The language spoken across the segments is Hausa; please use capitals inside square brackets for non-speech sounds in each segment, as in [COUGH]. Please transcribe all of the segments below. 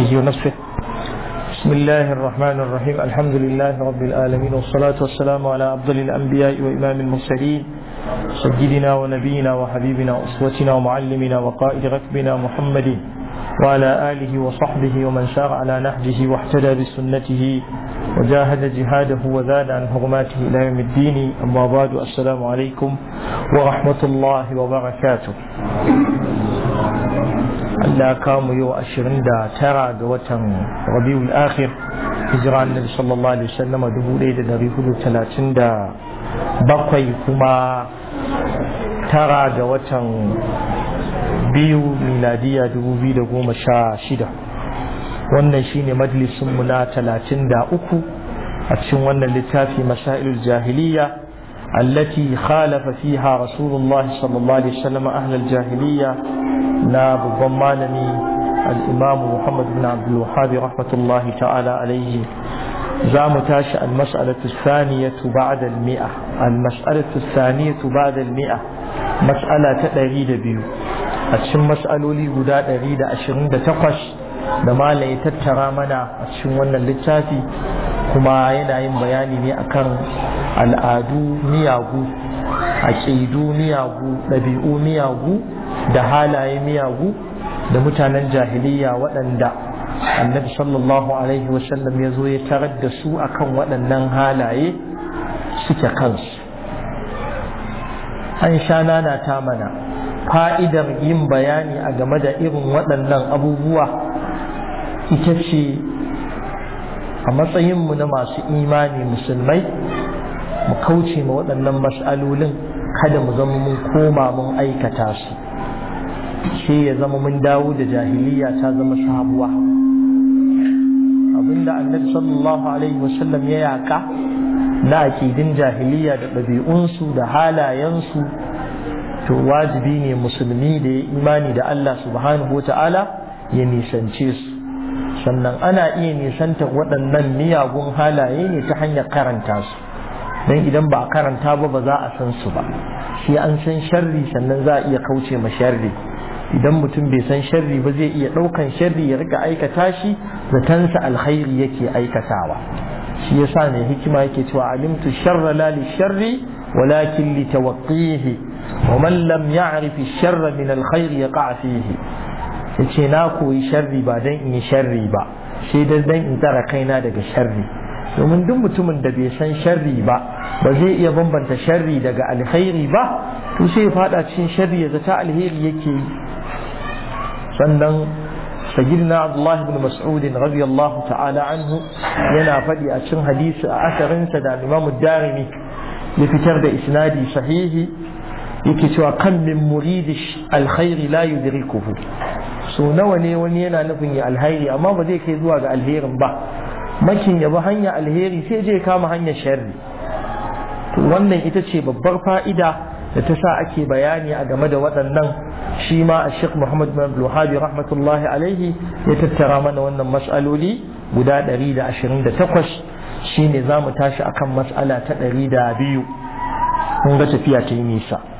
وفكره نفسه بسم الله الرحمن الرحيم الحمد لله رب العالمين والصلاة والسلام على أفضل الأنبياء وإمام المرسلين سيدنا ونبينا وحبيبنا وأسوتنا ومعلمنا وقائد ركبنا محمد وعلى آله وصحبه ومن سار على نهجه واحتدى بسنته وجاهد جهاده وزاد عن حرماته إلى يوم الدين أما بعد السلام عليكم ورحمة الله وبركاته Allah kamu yau ashirin da tara ga watan rabiul akhir hijira annabi sallallahu alaihi wasallam dubu ɗaya da dari hudu talatin da bakwai kuma tara ga watan biyu miladiya dubu biyu da goma sha shida wannan shine majalisunmu na talatin da uku a cikin wannan littafi mashailul jahiliya التي خالف فيها رسول الله صلى الله عليه وسلم أهل الجاهلية ناب الضمانني الإمام محمد بن عبد الوهاب رحمة الله تعالى عليه زام تاشا المسألة الثانية بعد المئة المسألة الثانية بعد المئة مسألة تأريد بيو أتشم مسألة لي قداء تدريد أشرين بتقش da malam ya tattara mana a cikin wannan littafi kuma yana yin bayani ne akan al'adu miyagu aƙidu miyagu ɗabi'u miyagu da halaye miyagu da mutanen jahiliya waɗanda annabi sallallahu alaihi wasallam ya zo ya tarar da su akan waɗannan halaye suke kansu an sha nana ta mana fa'idar yin bayani a game da irin waɗannan abubuwa ita ce a matsayinmu na masu imani musulmai mu kauce ma waɗannan mas'alolin kada mu zama mun koma mun aikata su sai ya zama mun dawo da jahiliya ta zama sabuwa abinda annabi sallallahu alaihi wasallam ya yaka na akidin jahiliya da ɗabi'unsu da halayensu to wajibi ne musulmi da ya imani da Allah subhanahu wa ta'ala ya nisance su sannan ana iya nisanta waɗannan miyagun halaye ne ta hanyar karanta su don idan ba a karanta ba ba za a san su ba Shi an san sharri sannan za a iya kauce ma sharri idan mutum bai san sharri ba zai iya ɗaukan sharri ya rika aikata shi zatansa alkhairi yake aikatawa shi yasa ne hikima yake cewa alimtu sharra la li sharri walakin li tawqihi wa man lam ya'rif sharra min alkhairi yaqa fihi ce na koyi sharri ba dan in yi sharri ba sai dan dan in tsara kaina daga sharri domin duk mutumin da bai san sharri ba ba zai iya bambanta sharri daga alheri ba to sai ya fada cikin sharri ya zata alheri yake yi sannan سيدنا عبد الله بن مسعود رضي الله تعالى عنه ينا فدي أشن حديث أثر سدى الإمام الدارمي لفتر إسنادي صحيح يكتوى كم من مريد الخير لا يدركه so nawa ne wani yana nufin ya alheri amma ba zai kai zuwa ga alherin ba makin ya bi hanya alheri sai je kama hanya sharri to wannan ita ce babbar fa'ida da ta sa ake bayani a game da waɗannan shi ma a Sheikh Muhammad bin rahmatullahi alaihi ya tattara mana wannan mas'aloli guda 128 shine za mu tashi akan mas'ala ta biyu. kun ga tafiya ta yi nisa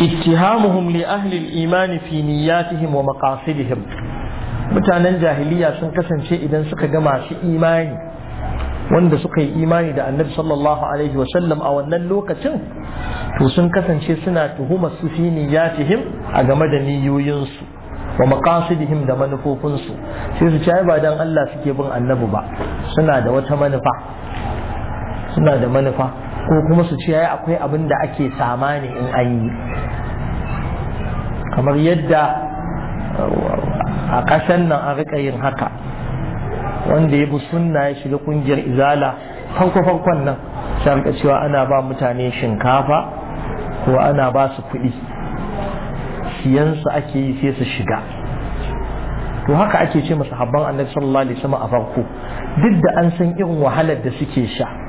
اتهامهم لأهل الإيمان في نياتهم ومقاصدهم mutanen jahiliya sun kasance idan suka ga masu imani wanda suka yi imani da annabi sallallahu alaihi sallam a wannan lokacin to sun kasance suna tuhuma su fi niyyatihim a game da niyoyinsu wa maqasidihim da manufofinsu sai su ci ba dan Allah suke bin annabi ba suna da wata manufa suna da manufa ko kuma su ce akwai abin da ake sama ne in an yi kamar yadda a ƙasan nan an riƙa yin haka wanda ya bi sunna ya shiga ƙungiyar izala farko-farkon nan sai cewa ana ba mutane shinkafa ko ana ba su kuɗi siyansu ake yi sai su shiga to haka ake ce masu habban annabi sallallahu alaihi wasallam a farko duk da an san irin wahalar da suke sha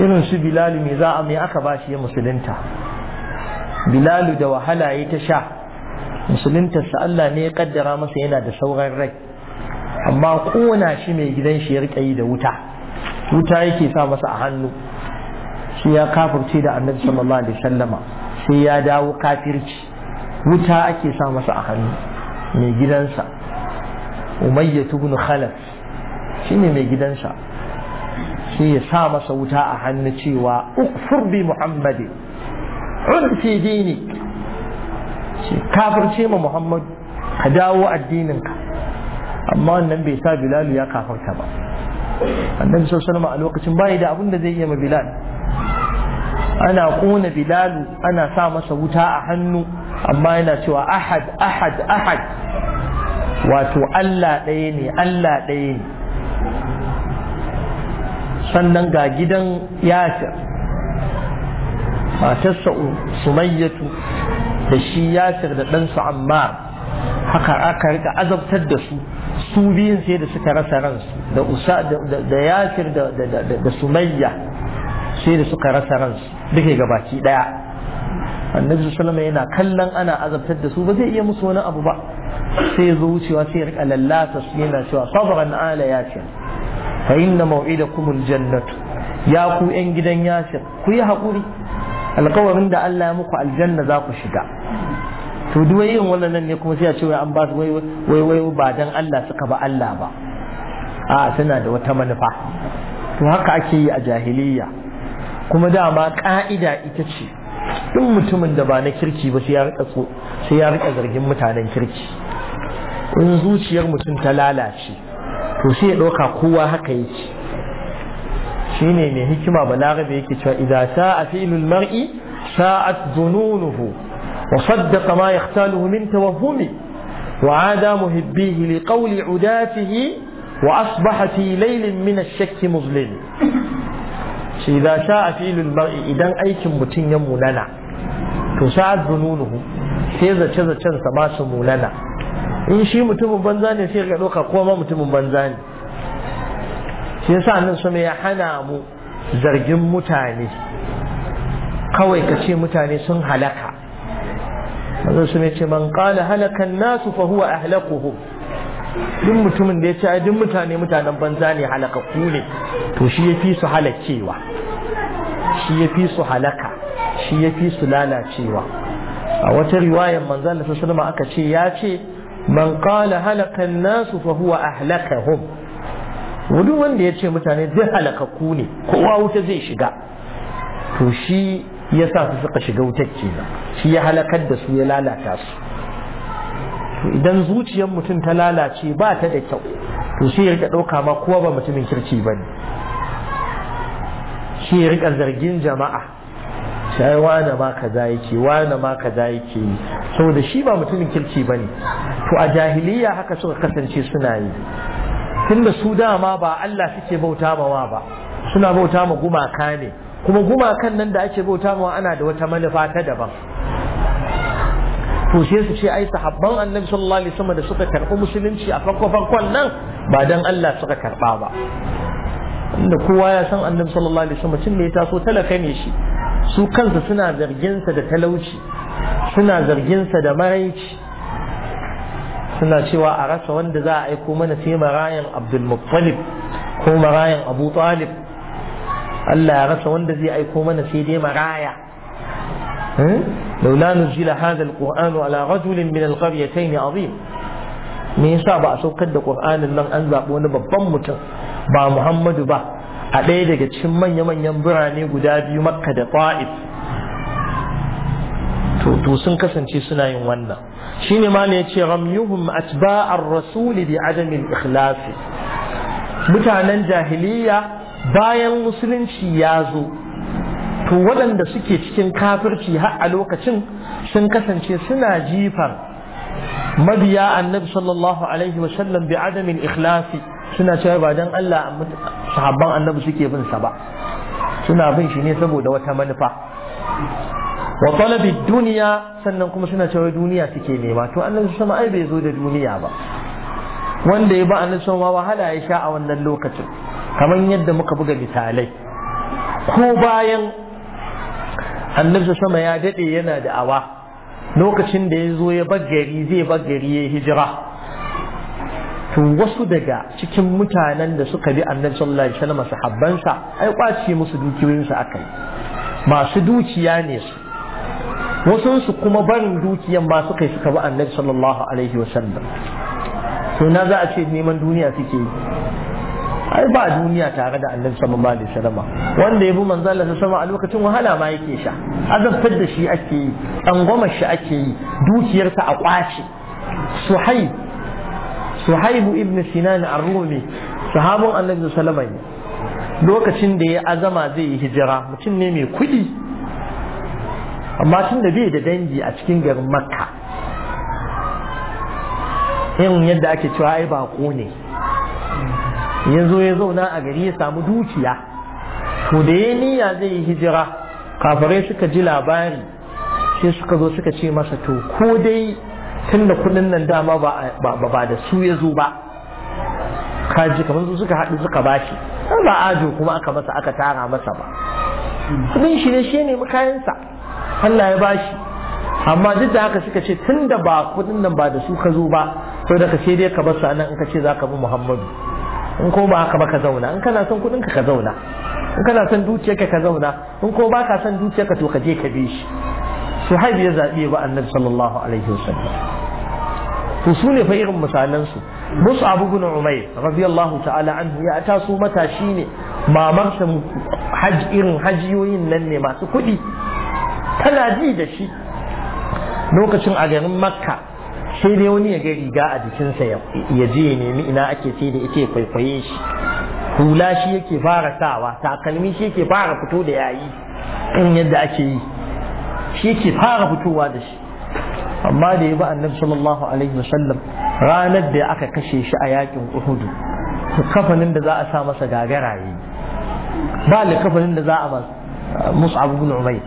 irin su bilalu me za a mai aka ba shi ya musulunta bilalu da wahala ya ta sha musuluntarsa Allah ne ya kaddara masa yana da sauran rai amma kona shi mai gidan shi ya rike yi da wuta wuta yake sa masa a hannu shi ya kafirce da annabi sallallahu alaihi wasallama sai ya dawo kafirci wuta ake sa masa a hannu mai gidansa umayyatu ibn khalaf shine mai gidansa sai ya sa masa wuta a hannu cewa ukfur bi muhammadi un fi dini kafirce ma muhammadu ka dawo addininka amma wannan bai sa bilalu ya kafarta ba annabi sallallahu alaihi a lokacin bai da abin da zai yi ma bilal ana kuna bilalu ana sa masa wuta a hannu amma yana cewa ahad ahad ahad wato Allah ɗaya ne Allah ɗaya ne sannan ga gidan yasir matarsa umm sumayyatu da shi yasir da ɗansu, amma haka aka rika azabtar da su su biyun sai da suka rasa ransu da usa da yasir da sumayya sai da suka rasa ransu duka gabaki daya annabi sallama yana kallon ana azabtar da su ba zai iya musu wani abu ba sai ya zo wucewa sai ya rika lallata su yana cewa sabran ala yasir fa inna maw'idakumul jannatu ya ku yan gidan yasir ku yi haƙuri alƙawarin da Allah ya muku aljanna za ku shiga to duk irin wannan ne kuma sai a ce wai an ba su wai wai ba dan Allah suka ba Allah ba a suna da wata manufa to haka ake yi a jahiliyya kuma dama ka'ida ita ce duk mutumin da ba na kirki ba sai ya rika sai ya rika zargin mutanen kirki in zuciyar mutum ta lalace to sai ya ɗauka kowa haka yake shi ne mai hikima da yake cewa idza sa'a fi'ilul mar'i sa'at dhununuhu wa saddaqa ma yahtaluhu min tawahhumi wa ada muhibbihi li qawli udatihi wa asbaha fi laylin min ash-shakki muzlim shi idza sa'a fi'ilul mar'i idan aikin mutun ya mulana to sa'at dhununuhu sai zace zacen sa ma su munana in shi mutumin banza ne sai ka ɗauka ma mutumin banza ne shi yasa nan su ya hana mu zargin mutane kawai ka ce mutane sun halaka manzon su ce man qala halakan nasu fa huwa ahlakuhum duk mutumin da ya ce duk mutane mutanen banza ne ku ne to shi ya fi su halakewa shi ya fi su halaka shi ya fi su lalacewa a wata riwayar manzon da aka ce ya ce man qala halaka nasu fa huwa ahlakahum duk wanda ya ce mutane zai halakaku ne kowa wuta zai shiga to shi ya sa su suka shiga wutar kenan shi ya halakar da su ya lalata su idan zuciyar mutum ta lalace ba ta da kyau to shi ya rika ɗauka ma kowa ba mutumin kirki ba ne shi ya rika zargin jama'a sai wane ma kaza yake wane ma kaza yake yi saboda shi ba mutumin kirki bane to a jahiliya haka suka kasance suna yi tunda su dama ba Allah suke bauta mawa ba suna bauta ma gumaka ne kuma gumakan nan da ake bauta mawa ana da wata manufa ta daban to sai su ce ai sahabban annabi sallallahu alaihi wasallam da suka karɓi musulunci a farko farkon nan ba dan Allah suka karɓa ba inda kowa ya san annabi sallallahu alaihi wasallam mutum ne ya taso talaka ne shi su kansa suna zarginsa da talauci suna zarginsa da maraici suna cewa a rasa wanda za aiko mana sai marayan abdulmuttalib ko marayan abu talib Allah ya rasa wanda zai aiko mana sai dai maraya hmm? laula nuzila hadha alquran ala rajulin min alqaryatayn azim me yasa ba a saukar da qur'anin nan an zabi wani babban mutum ba muhammadu ba a ɗaya daga cikin manya-manyan birane guda biyu makka da ta'if to sun kasance suna yin wannan shine ma ne yace ramyuhum atba'ar rasuli bi adamin ikhlas mutanen jahiliya bayan musulunci ya zo to waɗanda suke cikin kafirci har a lokacin sun kasance suna jifar mabiya annabi sallallahu alaihi wasallam bi adamin ikhlasi suna cewa ba dan Allah sahabban annabi suke bin sa ba suna bin shi ne saboda wata manufa wa talabi duniya sannan kuma suna cewa duniya suke nema to annabi sama ai bai zo da duniya ba wanda ya ba annabi sama wahala ya sha a wannan lokacin kamar yadda muka buga misalai ko bayan annabi sama ya dade yana da awa lokacin da ya zo ya bar gari zai bar gari ya hijira to wasu daga cikin mutanen da suka bi annabi sallallahu alaihi wasallam sahabbansa ai kwace musu dukiyoyin su akai masu dukiya ne su wasu su kuma barin dukiyan ma suka suka bi annabi sallallahu alaihi wasallam to na za a ce neman duniya suke yi ai ba duniya tare da annabi sallallahu alaihi wasallam wanda ya bi manzo Allah sama a lokacin wahala ma yake sha azabtar da shi ake yi goma shi ake yi dukiyarsa a kwace suhai suhaibu ibn sinan ar-rumi sahabon annabi sallallahu alaihi lokacin da ya azama zai yi hijira mutum ne mai kuɗi amma tun da bai da dangi a cikin garin makka yin yadda ake cewa ai bako ne ya zo ya zauna a gari ya samu dukiya to da ya niyya zai yi hijira kafirai suka ji labari sai suka zo suka ce masa to ko dai tun da kudin nan dama ba da su ya zo ba kaji kamar su suka haɗu suka bashi ba ajo kuma aka masa aka tara masa ba kudin shi ne shi ne kayansa Allah ya bashi amma duk da haka suka ce tun da ba kudin nan ba da su ka zo ba sau da ka ce dai ka basu nan in ka ce za ka bi muhammadu in ko ba haka ba ka zauna in kana son kudin ka ka zauna in kana son dukiyarka ka zauna in ko ba ka son dukiyarka to ka je ka bi shi suhaib ya zaɓi ba annabi sallallahu alaihi wasallam to su ne fa irin misalan su mus'ab ibn umayr radiyallahu ta'ala anhu ya ta su matashi ne mamarsa haji irin hajiyoyin nan ne masu kuɗi tana ji da shi lokacin a garin makka sai dai wani ya ga riga a jikinsa ya je ya nemi ina ake sai da ita kwaikwaye shi hula shi yake fara sawa takalmi shi yake fara fito da yayi In yadda ake yi shi yake fara fitowa da shi amma da ya bi annabi sallallahu alaihi wasallam ranar da aka kashe shi a yakin uhudu kafanin da za a sa masa gagara yi ba da kafanin da za a masa mus'ab ibn umayr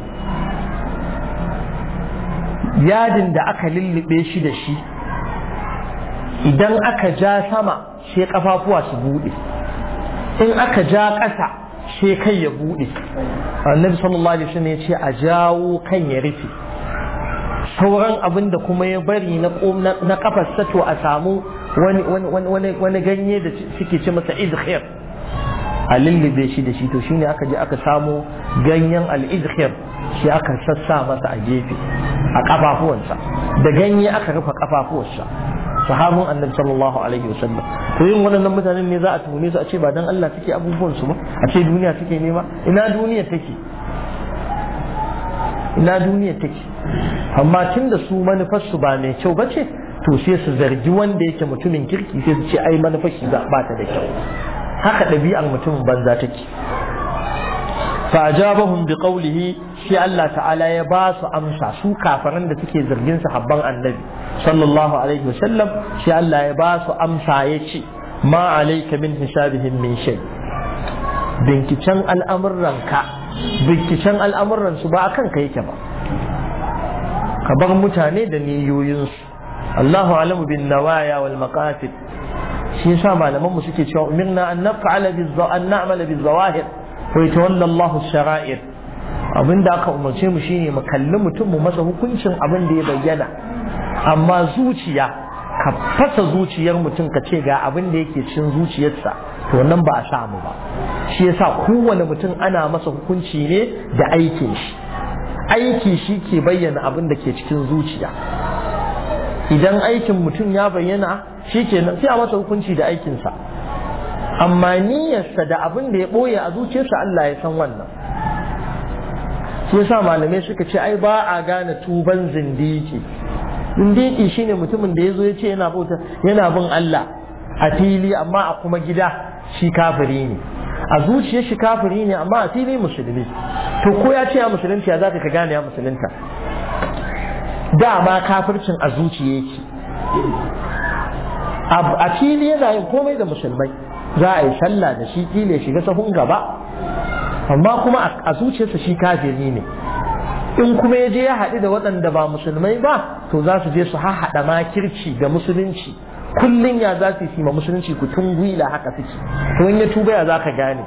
yadin da aka lullube shi da shi idan aka ja sama sai kafafuwa su bude in aka ja ƙasa sai kai ya buɗe annabi sallallahu alaihi wasallam ya ce a jawo kan ya rufe sauran abin da kuma ya bari na sa to a samu wani ganye da suke ce masa izhir a lullube shi da shi to shine aka je aka samo ganyen al-izhir shi aka sassa masa a gefe a kafafuwansa da ganye aka rufe kafafuwarsa sahabin annabi sallallahu alaihi wasallam to yin wannan mutanen ne za a tuhume su a ce ba dan Allah take abubuwan su ba a ce duniya take nema ina duniya take ina duniya take amma tun da su manufar su ba mai kyau ba ce to sai su zargi wanda yake mutumin kirki sai su ce ai manufar shi ba ta da kyau haka ɗabi'ar mutumin banza take fa ajabahum bi qawlihi Shi Allah ta'ala ya ba su amsa su kafaran da suke zargin sahabban annabi sallallahu alaihi wasallam Shi Allah ya ba su amsa ya ce ma alayka min hisabihim min shay binkicen al'amuranka binkicen al'amuran su ba akan ka yake ba ka bar mutane da niyoyinsu Allahu alamu bin nawaya wal maqasid shi yasa malaman mu suke cewa umirna an naf'ala biz an na'mala biz zawahir wa yatawalla sharair abin da aka umarce mu shine mu kalli mutum mu masa hukuncin abin da ya bayyana amma zuciya ka fasa zuciyar mutum ka ce ga abin da yake cin zuciyarsa to nan ba a samu ba shi yasa kowane mutum ana masa hukunci ne da aikin shi aiki shi ke bayyana abin da ke cikin zuciya idan aikin mutum ya bayyana shi ke nan sai a masa hukunci da aikinsa amma niyyarsa da abin da ya ɓoye a zuciyarsa Allah ya san wannan shi yasa malamai suka ce ai ba a gane tuban zindiki zindiki shine mutumin da yazo ya ce yana bauta yana bin Allah a fili amma a kuma gida shi kafiri ne a zuciyar shi kafiri ne amma a fili musulmi to ko ya ce ya musulunci ya zaka ka gane ya musulunta dama kafircin a zuciya yake a fili yana yin komai da musulmai za a yi sallah da shi kile shiga sahun gaba amma kuma a zuciyarsa shi kafiri ne in kuma ya je ya haɗu da waɗanda ba musulmai ba to za su je su haɗa makirci ga musulunci kullum ya za su yi ma musulunci ku tun gwila haka suke to in ya tuba ya za ka gane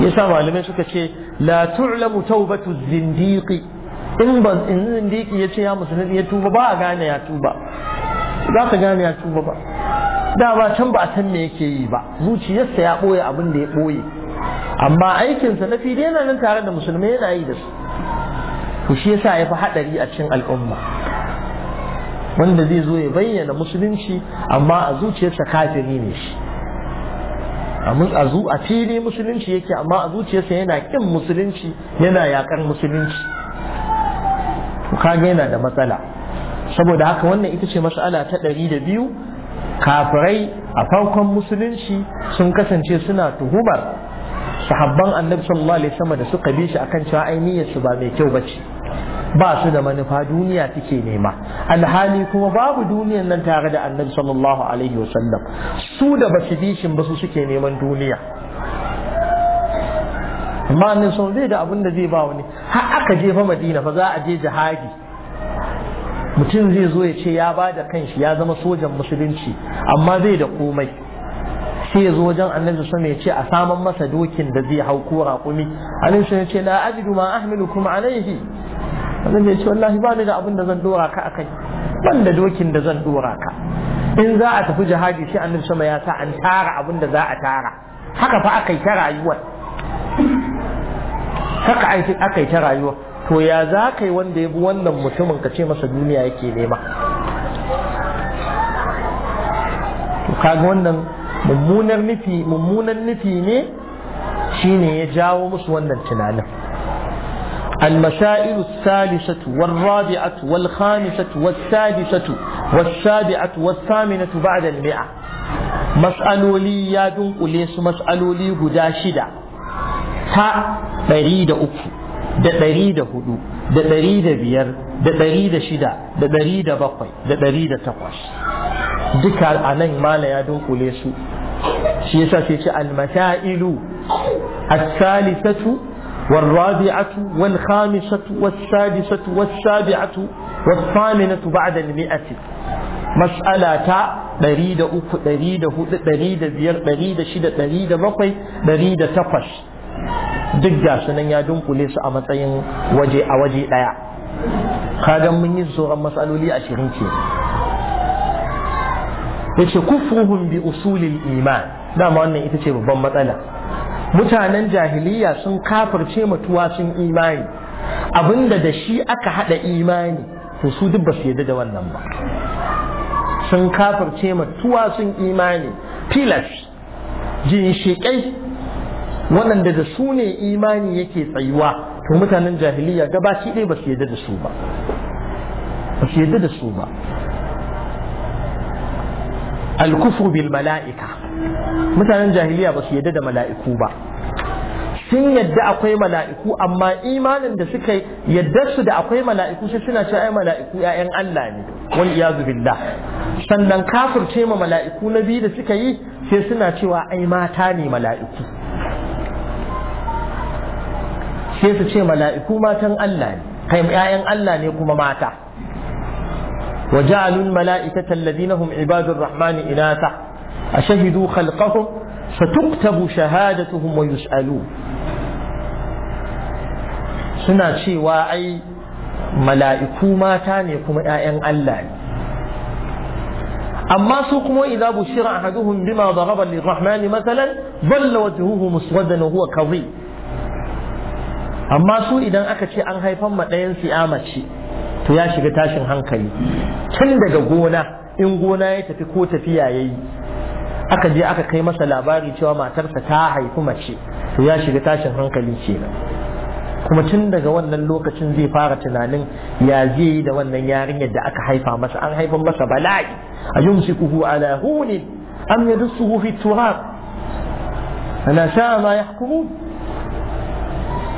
yasa malamai suka ce la tu'lamu taubatu zindiqi in ba in zindiqi ya ce ya musulmi ya tuba ba a gane ya tuba za ka gane ya tuba ba da ba can ba a san me yake yi ba zuciyarsa ya ɓoye abin da ya ɓoye amma aikinsa na fili yana nan tare da musulmi yana yi da su to shi yasa ya fi haɗari a cikin al'umma wanda zai zo ya bayyana musulunci amma a zuciyarsa kafiri ne shi a zu a fili musulunci yake amma a zuciyarsa yana kin musulunci yana yakar musulunci kaga yana da matsala saboda haka wannan ita ce mas'ala ta ɗari da biyu kafirai a farkon musulunci sun kasance suna tuhumar sahabban annabi sallallahu alaihi wasallam da suka bi shi akan cewa ai su ba mai kyau bace ba su da manufa duniya take nema alhali kuma babu duniyan nan tare da annabi sallallahu alaihi wasallam su da ba su bi shi ba su suke neman duniya amma ne sun zai da abin da zai ba wani har aka je fa madina fa za a je jihadi mutum zai zo ya ce ya bada da kanshi ya zama sojan musulunci amma zai da komai sai ya zo wajen annabi sun ya ce a saman masa dokin da zai hau ko raƙumi annabi sun ya ce la ajidu ma ahmilu kuma alaihi annabi ya ce wallahi ba ni da abin da zan dora ka akai ban da dokin da zan dora ka in za a tafi jihadi sai annabi sama ya sa an tara abin da za a tara haka fa aka yi ta rayuwa. haka aka yi ta rayuwa. to ya za ka yi wanda ya bi wannan mutumin ka ce masa duniya yake nema ka ga wannan mummunar nufi mummunan nufi ne shine ya jawo musu wannan tunanin المسائل الثالثة والرابعة والخامسة والسادسة والسابعة والثامنة بعد المئة مسألولي يا دون قليس مسألولي قداشدة ta ɗari da uku da ɗari da da ɗari da biyar da ɗari da shida da ɗari da bakwai da ɗari da takwas duka a nan mala ya dunkule su shi yasa sai ce almasailu as والرابعة والخامسة والسادسة والسابعة والثامنة بعد المئة مسألة دريدة أكو دريدة هدى دريدة بير دريدة شدة دريدة بقي دريدة تقش duk da nan ya dunkule su a matsayin waje a waje ɗaya kagan mun yi sauran matsaloli ashirin ke yace kufruhum bi usulil iman dama wannan ita ce babban matsala mutanen jahiliya sun kafirce mutuwa sun imani abinda da shi aka hada imani to su duk ba su yarda da wannan ba sun kafirce mutuwa sun imani filas jin shekai waɗanda da su ne imani yake tsayuwa to mutanen jahiliya gabaki ɗaya ba su yadda da su ba ba su yadda da su ba Alkufu bil mala'ika mutanen jahiliya ba su yadda da mala'iku ba sun yadda akwai mala'iku amma imanin da suka yadda su da akwai mala'iku sai suna cewa ai mala'iku ƴaƴan Allah ne wal iyazu billah sannan kafirce ma mala'iku na biyu da suka yi sai suna cewa ai mata ne mala'iku sai su ce mala'iku matan Allah ne kai ƴaƴan Allah ne kuma mata wa ja'alul mala'ikata alladhina hum ibadur rahmani inatha ashhadu khalqahum satuktabu shahadatuhum wa yus'alu suna cewa ai mala'iku mata ne kuma yayan Allah ne amma su kuma idza bushira ahaduhum bima daraba lirrahmani masalan dhalla wajhuhu muswaddan wa amma su idan aka ce an haifan ma ɗayan ya mace to ya shiga tashin hankali tun daga gona in gona ya tafi ko tafiya ya yi aka je aka kai masa labari cewa matarsa ta haifi mace to ya shiga tashin hankali ce kuma tun daga wannan lokacin zai fara tunanin ya zai yi da wannan yarinyar da aka haifa masa an haifan masa bala'i a yumsikuhu ala hunin am yadussuhu fi turab ana sa'a ma yahkumun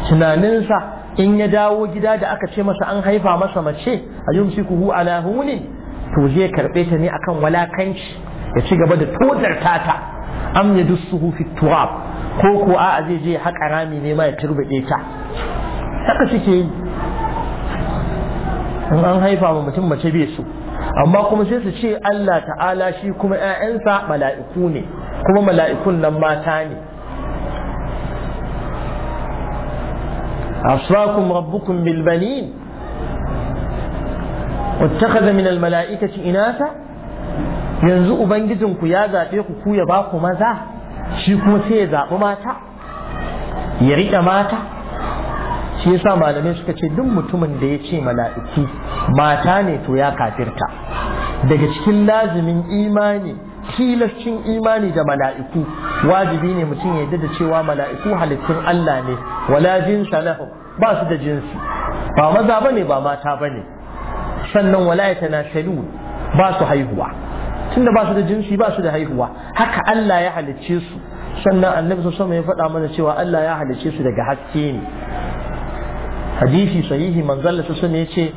tunaninsa in ya dawo gida da aka ce masa an haifa masa mace a kuhu ala hunin to zai karɓe ta ne akan walakanci ya ci gaba da tozar tata am ya dussuhu hufi turab ko ko a'a zai je haƙa rami ne ma ya turbaɗe ta haka suke yi in an haifa ma mutum mace bai su. amma kuma sai su ce Allah ta'ala shi kuma 'ya'yansa mala'iku ne kuma mala'ikun nan mata ne عصاكم ربكم بالبنين واتخذ من الملائكة إناثا yanzu ku ya zaɓe ku ku ya baku maza shi kuma sai ya zaɓi mata ya riƙe mata shi yasa malamai suka ce duk mutumin da ya ce mala'iki mata ne to ya kafirta daga cikin lazimin imani tilascin imani da mala'iku wajibi ne mutum ya yarda da cewa mala'iku halittun Allah ne wala jinsa lahum ba su da jinsi ba maza bane ba mata bane sannan wala yatanashalu ba su haihuwa tunda ba su da jinsi ba su da haihuwa haka Allah ya halicce su sannan annabi sama ya faɗa mana cewa Allah ya halicce su daga haske ne hadisi sahihi manzon Allah sallallahu alaihi wasallam yace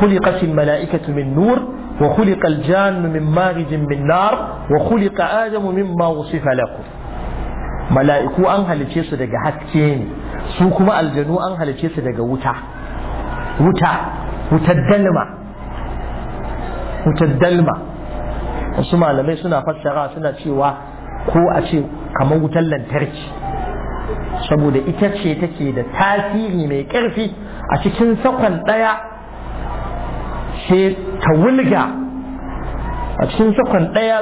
khuliqatil mala'ikatu min nur وخلق الجان من مارج من نار وخلق آدم مما وصف لكم mala'iku an halice su daga haske ne su kuma aljanu an halice su daga wuta wuta wutar dalma wasu malamai suna fassara suna cewa ko a ce kamar wutar lantarki saboda ita ce take da tasiri mai ƙarfi a cikin sakon ɗaya sai ta wulga a cikin sukan ɗaya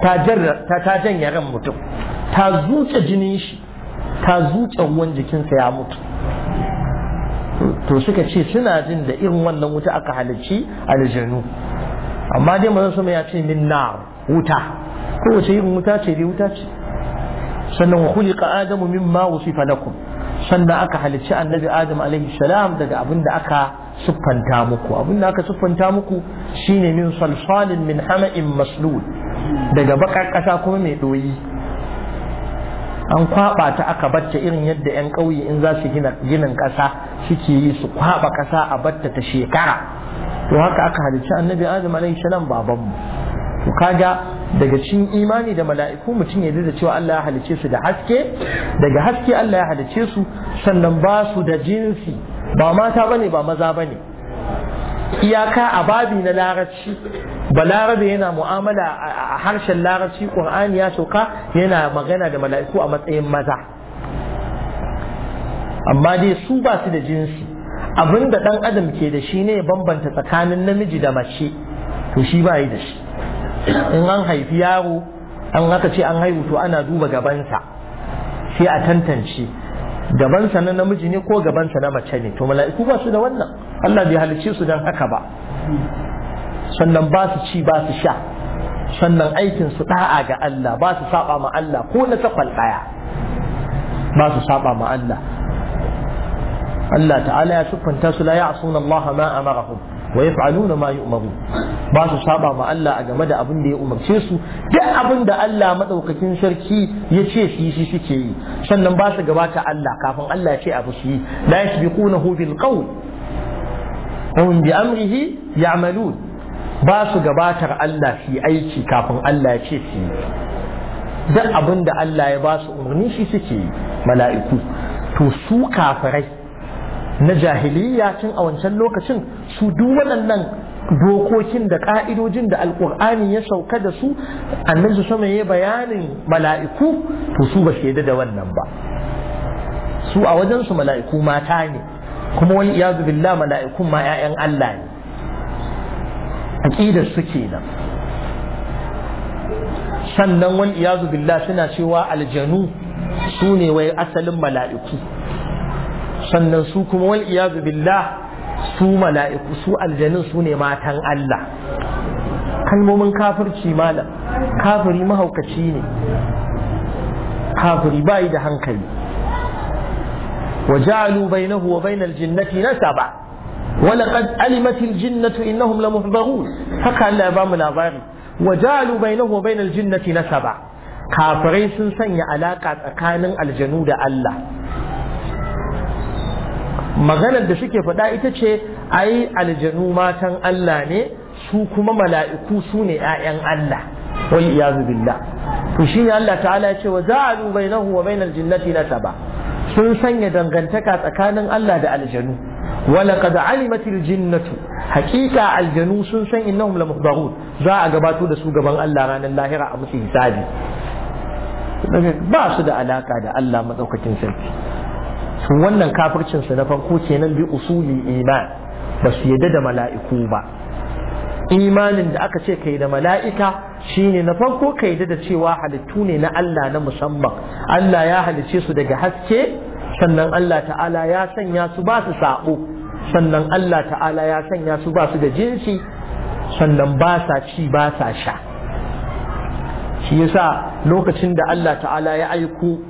ta janya ran mutum ta zuce jinin shi ta zuce ruwan jikinsa ya mutu to suka ce suna jin da irin wannan wuta aka halicci aljanu amma dai mazan sama ya ce min na wuta kowace irin wuta ce dai wuta ce sannan wakuli ka adamu min wusifa lakum sannan aka halarci annabi adam alaihi salam daga abin da aka siffanta muku abin da aka siffanta muku shine min salsalin min hama'in maslul daga bakar ƙasa kuma mai ɗoyi an kwaɓa ta aka batta irin yadda 'yan ƙauye in za su gina ginin ƙasa suke yi su kwaɓa kasa a batta ta shekara to haka aka halicci annabi adam alaihi salam babanmu to kaga daga cikin imani da mala'iku mutum ya da cewa Allah ya halice su da haske daga haske Allah ya halice su sannan ba su da jinsi ba mata bane ba maza bane iyaka a babi na larabci balarabe yana mu'amala a harshen larabci Ƙur'ani ya sauka yana magana da mala'iku a matsayin maza amma dai su ba su da jinsi abinda dan ɗan adam ke da shi ne bambanta tsakanin namiji da mace to shi ba yi da shi in an haifi yaro an haka ce an haihu to ana duba gabansa sai a tantance gabansa na namiji ne ko gabansa na mace ne to mala'iku ba su da wannan Allah bai halicce su don haka ba sannan ba su ci ba su sha sannan aikin su da'a ga Allah ba su saba ma Allah ko na takwal daya ba su saba ma Allah Allah ta'ala ya siffanta su la ya'suna Allah ma amarahum wa yaf'aluna ma yu'maru ba su saba ma Allah a game da abin da ya umarce su duk abin da Allah madaukakin sarki ya ce shi shi suke yi sannan ba su gabata Allah kafin Allah ya ce abu shi la yasbiqunahu bil qawl hum bi amrihi ya'malun ba su gabatar Allah si aiki kafin Allah ya ce yi. duk abin da Allah ya ba su umarni shi suke yi mala'iku to su kafirai na jahiliya tun a wancan lokacin su duk waɗannan dokokin da ƙa'idojin da alƙur'ani ya sauka da su annabi su sama ya bayanin mala'iku to su ba shaida da wannan ba su a wajen mala'iku mata ne kuma wani iyazu billah mala'ikun ma 'ya'yan Allah ne aqidar su kenan sannan wani iyazu billah suna cewa aljanu su ne wai asalin mala'iku sannan su kuma wal iyazu billah su mala'iku su aljanin su ne matan Allah kalmomin kafirci malam kafiri mahaukaci ne kafiri bai da hankali wa وجعلوا بينه وبين الجنة نسبا ولقد علمت الجنة إنهم لمحضرون فقال لا بام الأباري وجعلوا بينه وبين الجنة نسبا kafirai sun sanya alaƙa tsakanin aljanu da Allah maganar da suke faɗa ita ce ai aljanu matan Allah ne su kuma mala'iku su ne ‘ya'yan Allah wal iyazu billah to shi ne Allah ta'ala ya ce wa za'alu bainahu wa bainal jinnati nasaba sun sanya dangantaka tsakanin Allah da aljanu ولقد علمت الجنة حقيقة الجنو سن سن إنهم لمحضرون za a gabato da su gaban Allah ranar lahira a musu hisabi ba su da alaka da Allah madaukakin sarki Su wannan kafircin su na farko kenan bi usuli iman ba su yadda da mala'iku ba imanin da aka ce kai da mala'ika shine na farko kai da cewa halittu ne na Allah na musamman Allah ya halice su daga haske sannan Allah ta'ala ya sanya su ba su sabo sannan Allah ta'ala ya sanya su ba su da jinsi sannan ba sa ci ba sa sha shi yasa lokacin da Allah ta'ala ya aiko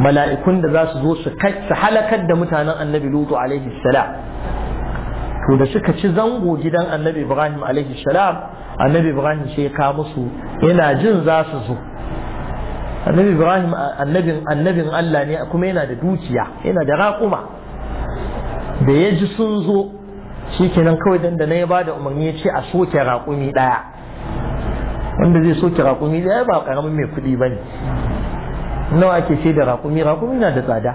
mala'ikun da za su zo su halakar da mutanen annabi lutu alaihi salam to da suka ci zango gidan annabi ibrahim alaihi salam annabi ibrahim sai ka musu yana jin za su zo annabi ibrahim annabin allah ne kuma yana da dukiya yana da raƙuma da ya ji sun zo shi kenan kawai dan da na ya bada umarni ya ce a soke raƙumi ɗaya wanda zai soke raƙumi ɗaya ba ƙaramin mai kuɗi ba ne nawa ake sai da raƙumi raƙumi na da tsada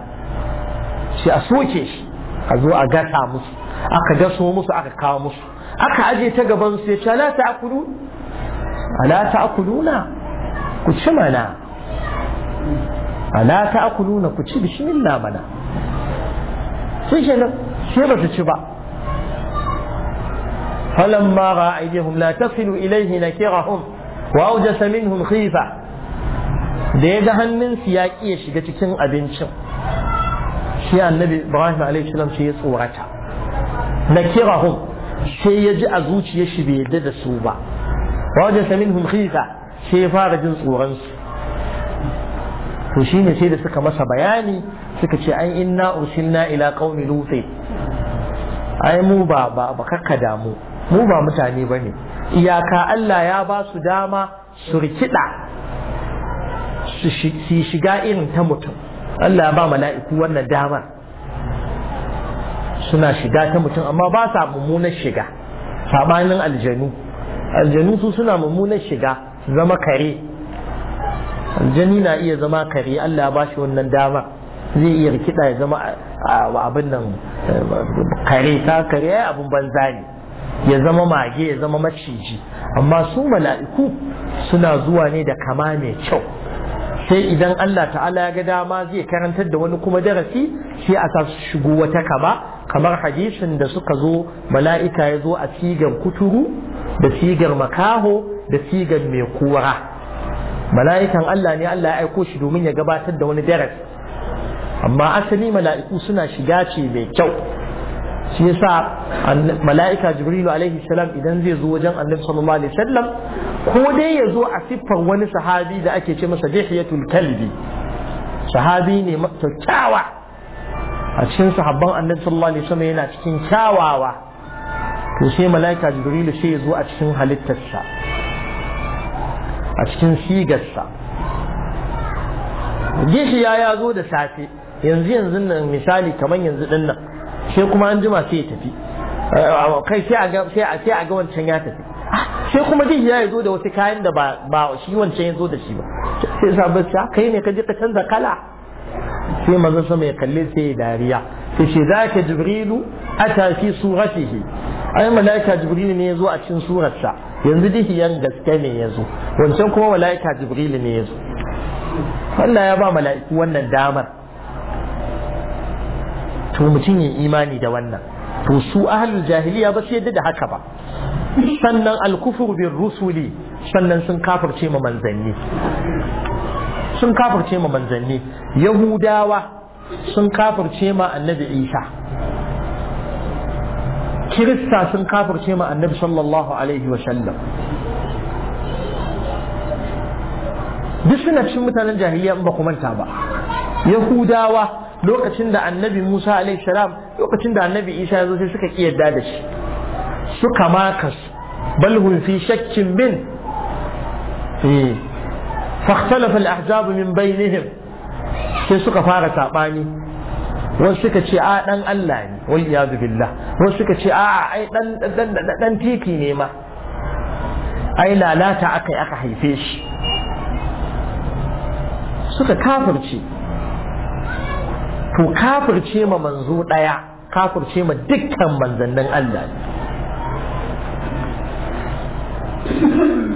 shi a soke shi a zo a gasa musu aka gaso musu aka kawo musu aka aje ta gaban su ya ce ala ta'kulu ala ta'kuluna ku ci mana ala ta'kuluna ku ci bismillah mana sai shi sai ba su ci ba falamma ra'ayhum la tasilu ilayhi nakirahum wa awjasa minhum khifa da ya ga hannunsu ya ƙi ya shiga cikin abincin shi annabi ibrahim alaihi salam sai ya tsorata na hun sai ya ji a zuciya shi bai yadda da su ba wajen samin humkhisa sai ya fara jin tsoronsu to ne sai da suka masa bayani suka ce an inna ursilna ila qaumi lutai ai mu ba ba ba kakka damu mu ba mutane bane iyaka Allah ya ba su dama su rikida su shiga irin ta mutum Allah ba mala'iku wannan damar suna shiga ta mutum amma ba sa mummunar shiga sabanin aljanu aljanu su suna mummunar shiga su zama kare aljani na iya zama kare Allah ba shi wannan damar zai iya rikida ya zama abin nan kare ta kare ya abin banza ne ya zama mage ya zama maciji amma su mala'iku suna zuwa ne da kama mai kyau sai idan Allah ta'ala ya ga dama zai karantar da wani kuma darasi sai a sa shigo wata kaba kamar hadisin da suka zo mala'ika ya zo a sigar kuturu da sigar makaho da sigar mai kura mala'ikan Allah ne Allah ya aiko shi domin ya gabatar da wani darasi amma asali mala'iku suna shiga ce mai kyau shi yasa mala'ika jibrilu alaihi salam idan zai zo wajen annabi sallallahu alaihi wasallam ko dai ya zo a siffar wani sahabi da ake ce masa dihiyatul kalbi sahabi ne kyakkyawa a cikin sahabban annabi sallallahu alaihi wasallam yana cikin kyawawa to sai mala'ika jibrilu sai ya zo a cikin halittarsa a cikin sigarsa dihiya ya zo da safe yanzu yanzu nan misali kamar yanzu dinnan sai kuma an jima sai ya tafi kai sai a ga wancan ya tafi sai kuma duk ya zo da wasu kayan da ba shi wancan ya zo da shi ba sai sabon sa ah, kai ne ka je ka canza kala sai manzon sama ya kalle sai ya dariya sai shi zaka jibrilu ata fi suratihi ai malaika jibrilu ne ya zo a cikin surarsa yanzu yan gaske ne ya zo wancan kuma malaika jibrilu ne ya zo Allah ya ba mala'iku wannan damar to mutum ya imani da wannan to su ahlul jahiliya ba su yadda da haka ba sannan alkufur bin rusuli sannan sun kafirce ma manzanni sun kafirce ma manzanni yahudawa sun kafirce ma annabi isa kirista sun kafirce ma annabi sallallahu alaihi wa sallam duk suna cikin mutanen jahiliya ba ku manta ba yahudawa lokacin da annabi Musa alaihi salam lokacin da annabi Isa ya zo sai suka ƙi yadda da shi suka makas, su fi shakkin bin eh فاختلف الأحزاب من sai suka fara saɓani wasu suka ce a ɗan Allah ne wal iyadu billah wasu suka ce a ai ɗan titi ne ma ai lalata aka aka haife shi suka kafirce to kafirce ma manzo ɗaya kafirce ma dukkan manzannin Allah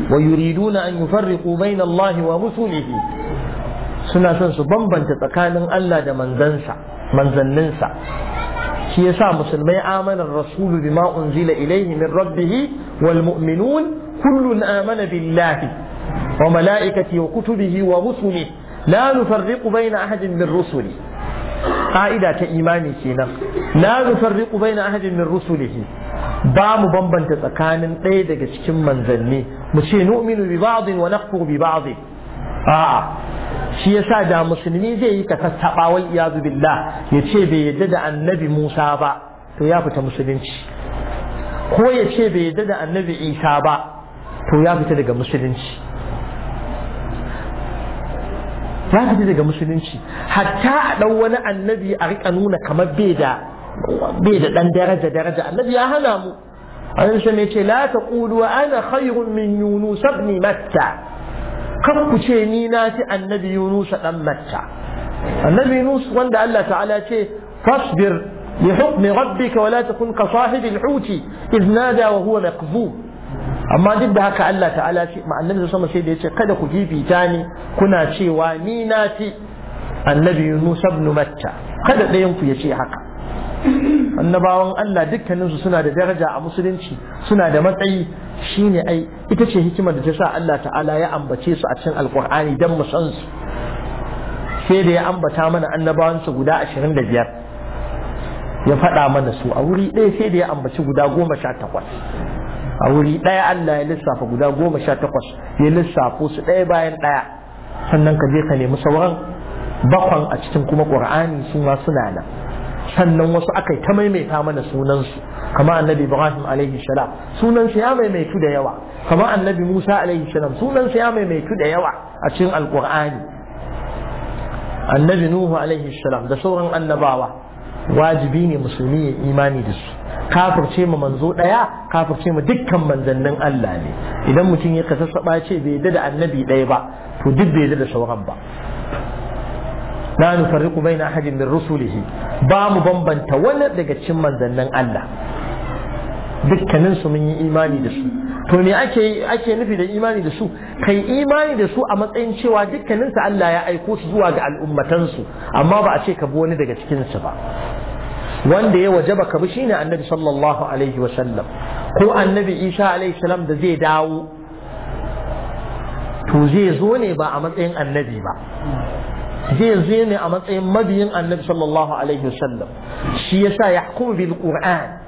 wa yuriduna an yufarriqu bayna Allah wa rusulihi suna son su bambanta tsakanin Allah da manzansa manzanninsa shi yasa musulmai amanar rasulu bima unzila ilayhi min rabbih wal mu'minun kullun amana billahi wa malaikati wa kutubihi wa rusulihi la nufarriqu bayna ahadin min rusuli ka'ida ta imani kenan la nufarriqu baina ahadin min rusulihi ba mu bambanta tsakanin ɗaya daga cikin manzanni mu ce nu'minu bi ba'dhin wa nakfuru bi ba'dhin a'a shi yasa da musulmi zai yi takassaba wal iyazu billah ya ce bai yadda da annabi Musa ba to ya fita musulunci ko ya ce bai yadda da annabi Isa ba to ya fita daga musulunci ya fita daga musulunci hatta a ɗau wani annabi a riƙa nuna kamar bai da bai da ɗan daraja daraja annabi ya hana mu annabi sai ce la taqulu ana khayrun min yunus ibn matta kan ku ce ni na ci annabi yunus dan matta annabi yunus wanda Allah ta'ala ce fasbir li hukmi rabbika wa la takun ka sahibil huti idh nada wa huwa maqzub amma duk da haka Allah ta'ala shi annabi da sama sai da yace kada ku bibita ni kuna cewa ni na fi annabi Yunus ibn Matta kada ɗayan ku ya ce haka annabawan Allah dukkaninsu suna da daraja a musulunci suna da matsayi shine ai ita ce hikimar da ta sa Allah ta'ala ya ambace su a cikin alkur'ani dan mu san su sai da ya ambata mana annabawan annabawansa guda ashirin biyar ya faɗa mana su a wuri ɗaya sai da ya ambaci guda goma sha takwas a wuri ɗaya Allah ya lissafa guda goma sha takwas ya lissafo su ɗaya bayan ɗaya sannan ka je ka nemi sauran bakwan a cikin kuma ƙur'ani sun ma suna nan sannan wasu aka yi ta maimaita mana sunansu kama annabi ibrahim alaihi salam sunansu ya maimaitu da yawa kama annabi musa alaihi salam sunansu ya maimaitu da yawa a cikin alƙur'ani annabi nuhu alaihi salam da sauran annabawa wajibi ne musulmi ya imani da su kafirce ma manzo ɗaya kafirce ma dukkan manzannin Allah ne idan mutum ya kasassaba ce bai yadda da annabi ɗaya ba to duk bai yadda da sauran ba la nufarriqu baina ahadin min rusulihi ba mu bambanta wani daga cikin manzannin Allah dukkanin su mun yi imani da su to me ake ake nufi da imani da su kai imani da su a matsayin cewa dukkanin su Allah ya aiko su zuwa ga al'ummatan su amma ba a ce ka bi wani daga cikin su ba wanda ya wajaba ka bi shine annabi sallallahu alaihi wa sallam ko annabi Isa alaihi salam da zai dawo to zai zo ne ba a matsayin annabi ba zai zo ne a matsayin mabiyin annabi sallallahu alaihi wa sallam shi yasa yahkum bil qur'an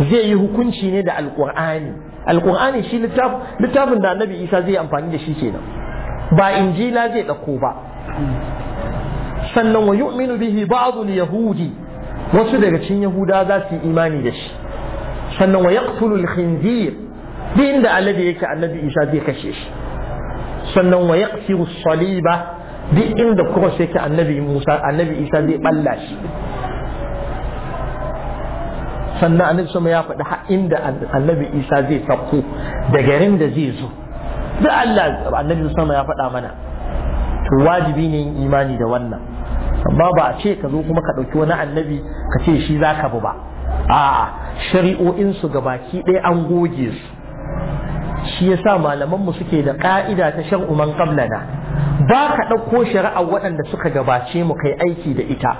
zai yi hukunci ne da alqur'ani alkur'ani shi littafin da annabi isa zai amfani da shi kenan ba injila zai ɗauko ba sannan wa yu'minu bihi ba'dul yahudi wasu daga cikin yahuda za su yi imani da shi sannan wa yaqtulu al-khinzir duk inda alade yake annabi isa zai kashe shi sannan wa yaqtiru saliba duk inda kuma yake annabi Musa annabi Isa zai balla shi sannan annabi sama ya faɗi inda annabi isa zai sauko da garin da zai zo duk Allah annabi sama ya faɗa mana to wajibi ne yin imani da wannan amma ba a ce ka zo kuma ka ɗauki wani annabi ka ce shi za ka bi ba a'a shari'o'insu ga baki ɗaya an goge su shi yasa malaman mu suke da ka'ida ta shan uman qablana ba ka ɗauko shari'a waɗanda suka gabace mu kai aiki da ita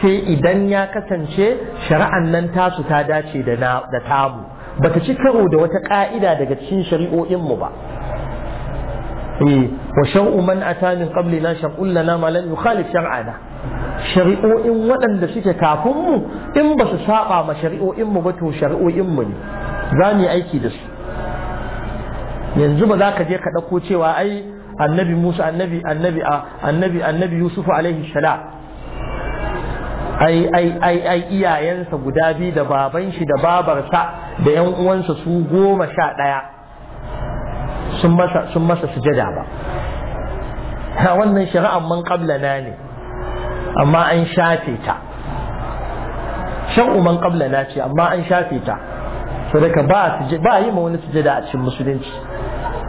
sai idan ya kasance shari'an nan tasu ta dace da tamu ba ta ci karo da wata ƙa'ida daga cikin shari'o'inmu ba eh wa shar'u man ata min qablina lana ma lan yukhalif shar'ana shari'o'in waɗanda suke kafin mu in ba su saba ma shari'o'in mu ba to shari'o'in mu ne za mu yi aiki da su yanzu ba za ka je ka ɗauko cewa ai annabi musa annabi annabi annabi annabi yusufu alaihi shala ai ai ai ai iyayensa guda biyu da baban shi da babarsa da yan uwansa su goma sha ɗaya sun masa sun masa sujada ba ha wannan shari'ar man qabla na ne amma an shafe ta shan'u man qabla na ce amma an shafe ta sadaka ba ba yi ma wani sujada a cikin musulunci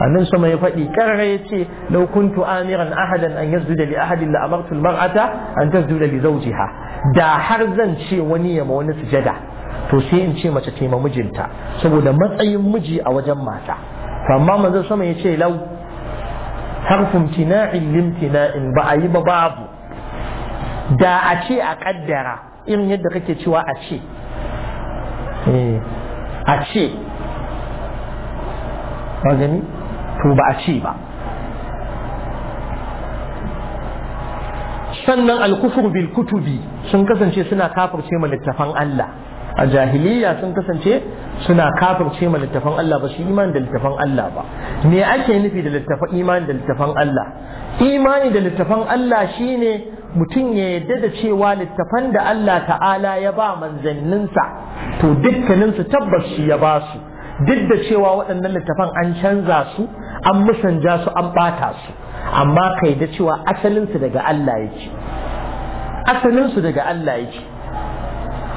nan sama ya faɗi karara ya ce lau amiran ahadan an da li ahadin la amartu al mar'ata an da li zawjiha da har zan ce wani ya ma wani sujada to sai in ce mace ce ma mijinta saboda matsayin miji a wajen mata amma manzon sama ya ce lau harfu imtina'in limtina'in ba a yi ba babu da a ce a kaddara irin yadda kake cewa a ce eh, a ce gani to ba a ce ba sannan alkufur bil kutubi sun kasance suna kafirce ma littafan Allah a jahiliya sun kasance suna kafirce ma littafan Allah ba su imani da littafan Allah ba me ake nufi da littafan imani da littafan Allah imani da littafan Allah shine mutum ya yarda da cewa littafan da Allah ta'ala ya ba manzanninsa to dukkaninsu tabbas shi ya ba su duk da cewa waɗannan littafan an canza su an musanja su an bata su amma kai da cewa asalinsu daga Allah yake asalinsu daga Allah yake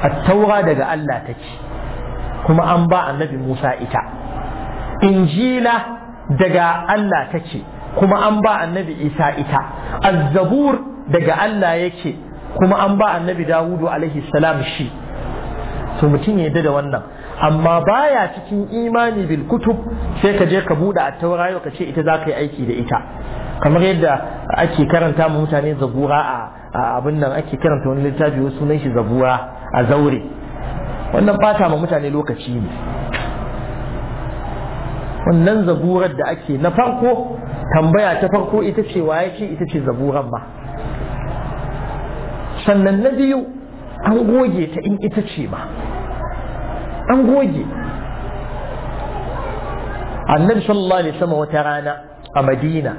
attaura daga Allah take kuma an ba annabi Musa ita injila daga Allah take kuma an ba annabi Isa ita azzabur daga Allah yake kuma an ba annabi Dawudu alaihi salam shi to mutum ya yarda da wannan amma baya cikin imani bil kutub sai ka je ka buɗe a taurayo ka ce ita za ka yi aiki da ita kamar yadda ake karanta ma mutane zabura a abin nan ake karanta wani littafi wasu sunan shi zabura a zaure wannan bata ma mutane lokaci ne wannan zaburar da ake na farko tambaya ta farko ita ce waye ce ita ce zaburar ma sannan na biyu an goge ta in ita ce ma an goge annabi sallallahu alaihi wasallam wata rana a madina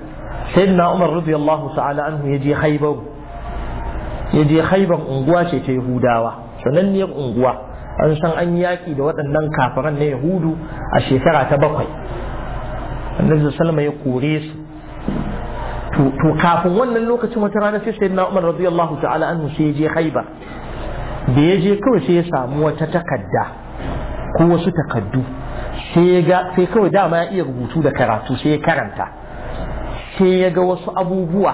sayyidina umar radiyallahu ta'ala anhu yaje khaybar yaje khaybar unguwa ce ta yahudawa sananniyar unguwa an san an yaki da waɗannan kafiran na yahudu a shekara ta bakwai annabi sallallahu ya kore su to kafin wannan lokacin wata rana sai sayyidina umar radiyallahu ta'ala anhu sai yaje khaybar da yaje kawai sai ya samu wata takadda ko wasu takaddu sai ga sai kawai dama ya iya rubutu da karatu sai ya karanta sai ya ga wasu abubuwa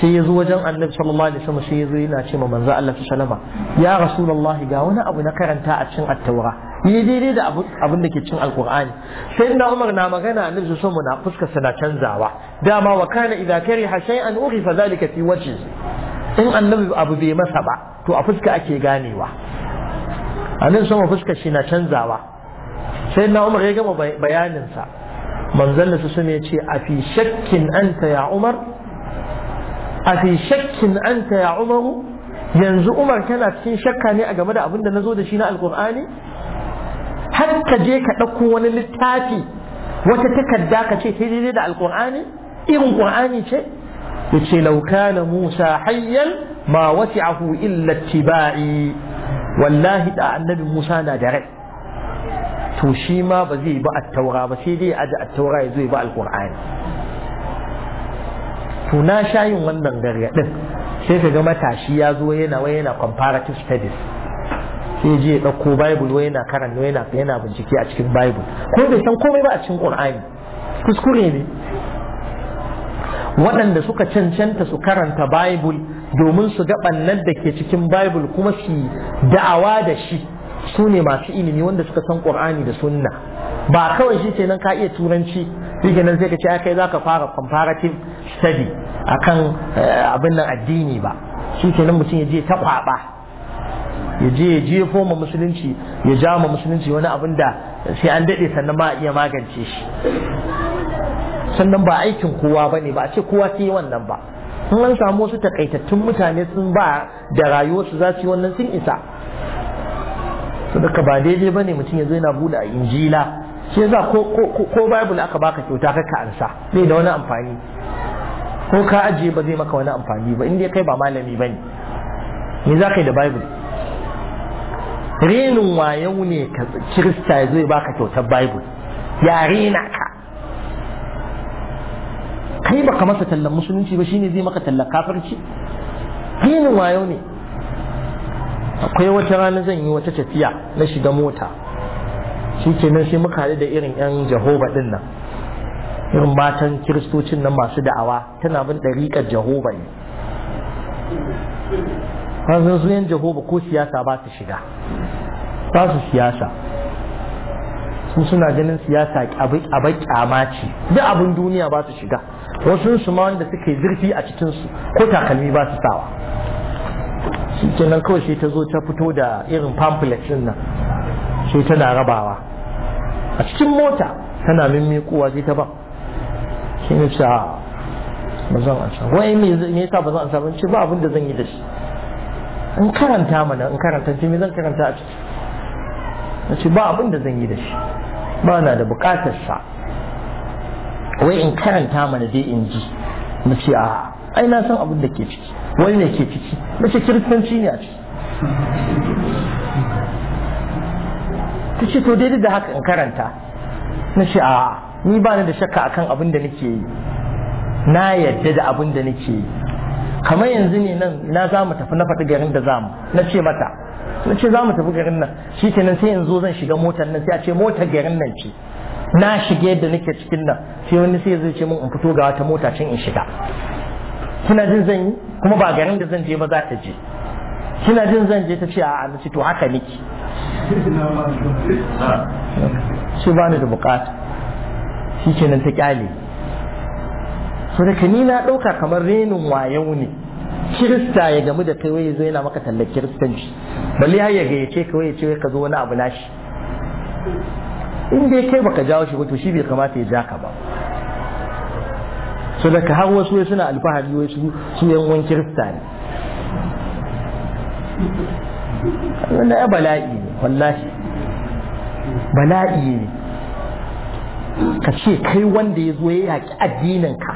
sai ya zo wajen annabi sallallahu alaihi wasallam sai ya zo yana cewa manzo Allah salama ya rasulullahi ga wani abu na karanta a cikin at-taura yi daidai da abin da ke cikin alqur'ani sai na Umar na magana annabi sallallahu alaihi na fuskar na canzawa dama wa kana idza an ughi fa zalika fi wajhi in annabi abu bai masa ba to a fuska ake ganewa annabi sallallahu alaihi fuskar shi na canzawa sai na umar ya gama bayaninsa manzon da su ne ce a fi shakkin anta ya umar a fi shakkin anta ya umaru yanzu umar tana cikin shakka ne a game da abin da na zo da shi na alkur'ani har ka je ka ɗauko wani littafi wata takarda ka ce ta daidai da alkur'ani irin qur'ani ce yace ce laukana musa hayyan ma wasi'ahu illa tiba'i wallahi da annabi musa na da rai to shi ma ba zai ba a taura ba sai dai aji taura ya zo ba alkur'ani to na sha yin wannan gargaɗin sai ka ga matashi ya zo yana wai yana comparative studies sai je ya ɗauko bible wai yana karanta yana yana bincike a cikin bible ko bai san komai ba a cikin qur'ani kuskure ne waɗanda suka cancanta su karanta bible domin su ga ɓannan da ke cikin bible kuma su da'awa da shi su ne masu ilimi wanda suka san ƙur'ani da sunna ba kawai shi nan ka iya turanci shi nan sai ka ce kai ka fara comparative study akan eh, abin nan addini ba shi nan mutum ya je ta kwaba ya je ya je foma musulunci ya ja ma musulunci wani abin da sai an daɗe sannan a iya magance shi sannan ba aikin kowa ba ne ba a ce kowa sai wannan ba in an samu wasu takaitattun mutane sun ba da rayuwarsu za su yi wannan sun isa sadaka ba daidai bane mutum ya zo yana bude a injila shi yasa ko ko bible aka baka kyauta ka ka ansa bai da wani amfani ko ka ajiye ba zai maka wani amfani ba inda kai ba malami bane me za ka yi da bible renin wayau ne ka kirista ya zo ya baka kyautar bible ya rena ka kai baka masa tallan musulunci ba shine zai maka tallan kafirci renin wayau ne akwai wata rana zan yi wata tafiya na shiga mota shi ke nan sai muka haɗu da irin 'yan jehova din nan irin matan kiristocin nan masu da'awa tana bin ɗariƙar jehova ne hanzun su jehova ko siyasa ba su shiga ba su siyasa su suna ganin siyasa abai kyama ce duk abin duniya ba su shiga wasu su ma wanda suke zurfi a cikinsu ko takalmi ba su sawa nan kawai sai ta zo ta fito da irin pamphlet din nan sai tana rabawa a cikin mota tana mimmiƙuwa sai ta ba shi ne ce ba zan ansa wai me yasa ba zan ansa ba ce ba abin da zan yi da shi in karanta mana in karanta ce me zan karanta a ciki na ce ba abin da zan yi da shi ba na da buƙatar sa wai in karanta mana dai in ji na ce a ai na san abin da ke ciki Wani ne ke ciki na ce kiristanci ne a ciki ta ce to daidai da haka in karanta na ce a ni ba da shakka akan abin da nake yi na yadda da abin da nake yi kamar yanzu ne nan na za mu tafi na faɗi garin da za mu na ce mata na ce za mu tafi garin nan shi nan sai yanzu zan shiga motar nan sai a ce motar garin nan ce na shiga yadda nake cikin nan sai wani sai zai ce min in fito ga wata mota can in shiga kina jin zan yi kuma ba garin da zan je ba za ta je kina jin zan je ta ce a ce to haka niki shi ba ni da bukata shi kenan ta kyale so da ni na ɗauka kamar renin wayau ne kirista ya gamu da kai waye zo yana maka tallar kiristanci balle har ya gayyace ka waye ce ka zo wani abu nashi in dai kai baka jawo shi ba to shi bai kamata ya ja ka ba so daga har wasu suna alfahari wai su yan uwan kirista ne wannan ya bala'i ne wallahi bala'i ne ka ce kai wanda ya zo ya yaƙi addinin ka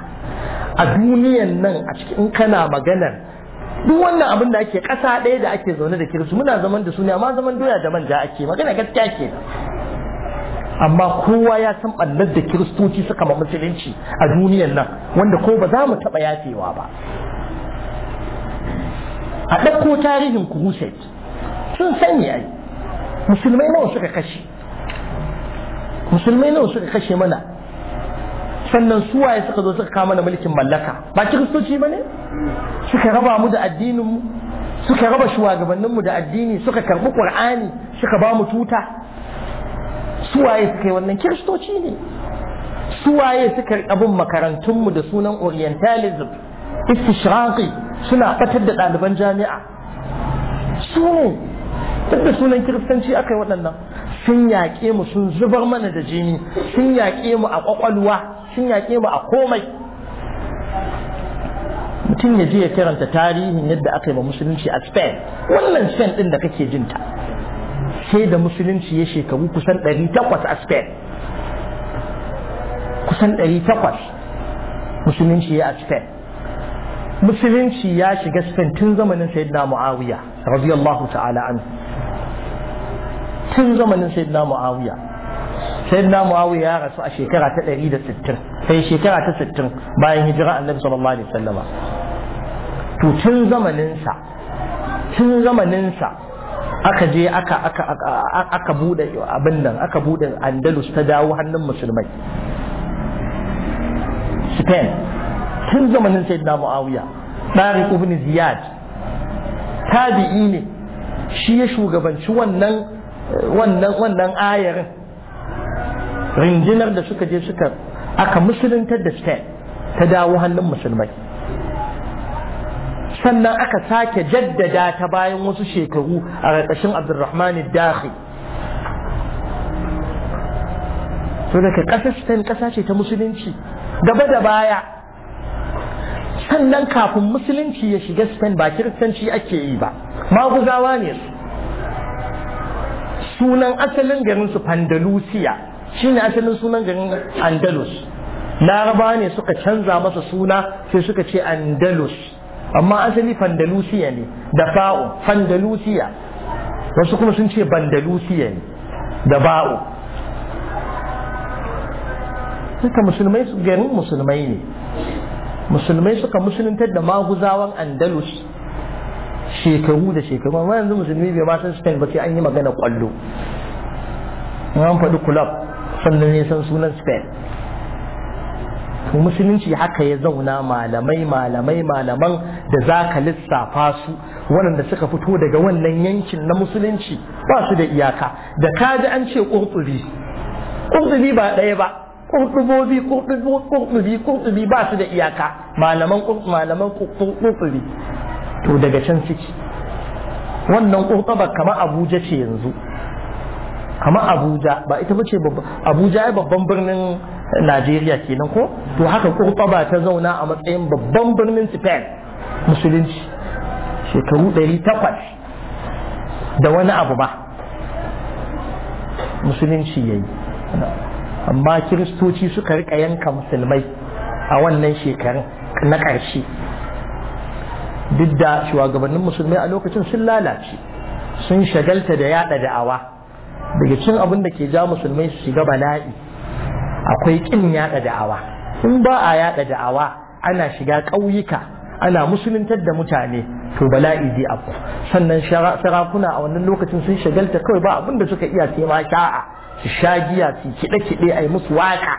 a duniyan nan a cikin kana maganar duk wannan abin da ake ƙasa ɗaya da ake zaune da kirisu muna zaman da su ne amma zaman doya da manja ake magana gaskiya ke amma kowa ya san ɓallar da kiristoci suka ma musulunci a duniyar nan wanda ko ba za mu taɓa yafewa ba a ɗauko tarihin crusade sun sanya ai musulmai nawa suka kashe musulmai nawa suka kashe mana sannan suwaye suka zo suka kama mana mulkin mallaka ba kiristoci ba ne suka raba mu da addininmu suka raba shugabanninmu da addini suka karɓi ƙur'ani suka ba mu tuta suwaye suka yi wannan kiristoci ne suwaye suka bin makarantunmu da sunan orientalism istishraqi suna fatar da ɗaliban jami'a su ne duk da sunan kiristanci aka yi waɗannan sun yaƙe mu sun zubar mana da jini sun yaƙe mu a ƙwaƙwalwa sun yaƙe mu a komai mutum ya je ya karanta tarihin yadda aka yi wa musulunci a spain wannan spain ɗin da kake jinta sai da musulunci ya shekaru kusan 800 a spain kusan 800 musulunci ya a spain musulunci ya shiga spain tun zamanin sayyidina muawiya radiyallahu ta'ala an tun zamanin sayyidina muawiya sayyidina muawiya ya rasu a shekara ta 160 sai shekara ta 60 bayan hijira annabi sallallahu alaihi wasallama to tun zamaninsa tun zamaninsa aka je aka aka aka bude abin nan aka bude andalus ta dawo hannun musulmai spain tun zamanin sayyidina muawiya dari ibn ziyad tabi'i ne shi ya shugabanci wannan wannan wannan ayarin rinjinar da suka je suka aka musuluntar da spain ta dawo hannun musulmai sannan aka sake jaddada ta bayan wasu shekaru a ƙarƙashin abdurrahman dahi to daga ƙasashen ƙasa ce ta musulunci gaba da baya sannan kafin musulunci ya shiga spain ba kiristanci ake yi ba maguzawa ne su sunan asalin garin su shine asalin sunan garin andalus larabawa ne suka canza masa suna sai suka ce andalus amma asali fandalusiya ne da fa'u fandalusiya wasu kuma sun ce bandalusiya ne da ba'u suka musulmai su garin musulmai ne musulmai suka musuluntar da maguzawan andalus shekaru da shekaru amma yanzu musulmi bai ma san spain ba sai an yi magana kwallo an faɗi club sannan ne san sunan spain to musulunci haka ya zauna malamai malamai malaman da za ka lissafa su waɗanda suka fito daga wannan yankin na musulunci ba su da iyaka da ka ji an ce ƙurɗubi ƙurɗubi ba ɗaya ba ƙurɗubobi ƙurɗubi ƙurɗubi ba su da iyaka malaman malaman to daga can ciki wannan ƙurɗubar kamar abuja ce yanzu kamar abuja ba ita bace abuja ya babban birnin najeriya kenan ko to haka ba ta zauna a matsayin babban birnin spain musulunci shekaru 800 da wani abu ba musulunci ya yi amma kiristoci suka rika yanka musulmai a wannan shekarun na ƙarshe duk da shugabannin musulmai a lokacin sun lalace sun shagalta da yada da'awa daga cin abin da ke ja musulmai su shiga bala'i akwai kin yada da'awa in ba a yada da'awa ana shiga ƙauyuka ana musuluntar da mutane to bala'i zai abu sannan sarakuna a wannan lokacin sun shagalta kawai ba abin da suka iya sai sha'a su sha giya su kiɗe-kiɗe a yi musu waka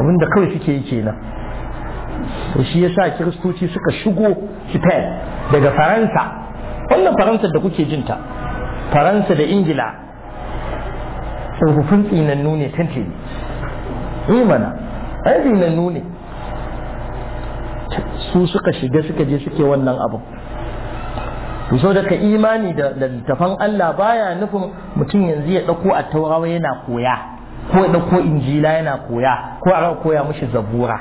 abin da kawai suke yi kenan to shi yasa kiristoci suka shigo Spain daga Faransa wannan Faransa da kuke jinta Faransa da Ingila tsofaffin tsinannu ne yi eh mana ai tsinannu ne su suka shiga suka je suke wannan abin so so daga imani da littafan Allah baya nufin mutum yanzu ya dauko a taurawa yana koya ko ya dauko injila yana koya ko a koya mushi zabura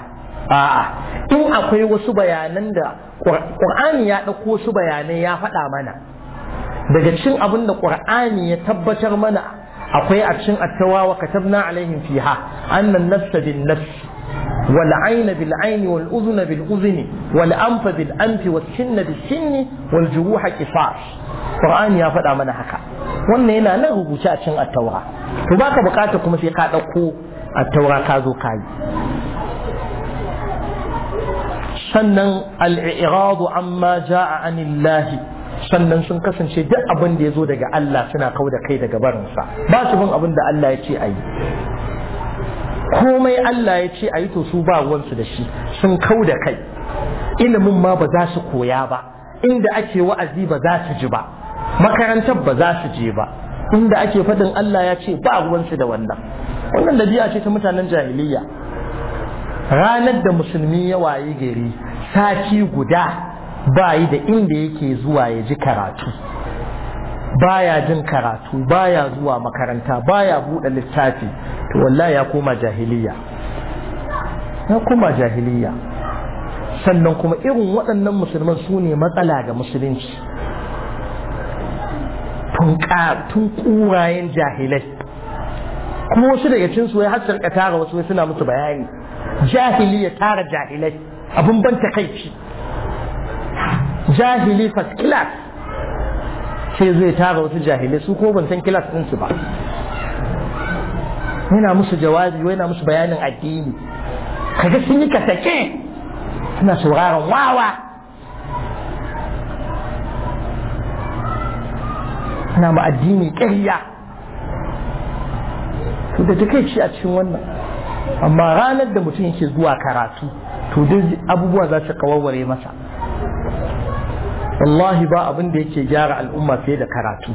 a'a in akwai wasu bayanan da ƙur'ani ya dauko su bayanai ya faɗa mana daga cin abin da ƙur'ani ya tabbatar mana akwai a cikin attawa wa katabna alaihim fiha annan nafsa bin nafs wal ayna bil ayni wal udhuna bil udhuni wal anfa bil anfi was sinna bis sinni wal juruha qisas qur'ani ya faɗa mana haka wannan yana nan rubuce a cikin attawa to baka bukata kuma sai ka dauko attawa ka zo ka yi sannan al-i'radu amma a anillahi sannan sun kasance duk abin da ya zo daga Allah suna kau da kai daga barinsa ba su bin abin da Allah ya ce a yi komai Allah ya ce a yi to su ba wansu da shi sun kau da kai ilimin ma ba za su koya ba inda ake wa'azi ba za su ji ba makarantar ba za su je ba inda ake faɗin Allah ya ce ba wansu da wannan wannan dabi'a ce ta mutanen jahiliya ranar da musulmi ya gari sati guda ba yi da inda yake zuwa ya ji karatu baya jin karatu baya zuwa makaranta baya buɗe littafi to wallahi ya koma jahiliya ya koma jahiliya sannan kuma irin waɗannan musulman su ne matsala ga musulunci tun ƙurayen jahilai kuma wasu daga cinsu wai har tara wasu suna musu bayani jahiliya tara jahilai abin ban takaici jahili first class sai zai tara wasu jahilai su ko ban san kilas su ba yana musu jawabi yana musu bayanin addini kaga sun yi kasake suna sauraron wawa na ma addini ƙarya to da shi a cikin wannan amma ranar da mutum yake zuwa karatu to duk abubuwa za su kawarware masa wallahi ba abin da yake gyara al'umma fiye da karatu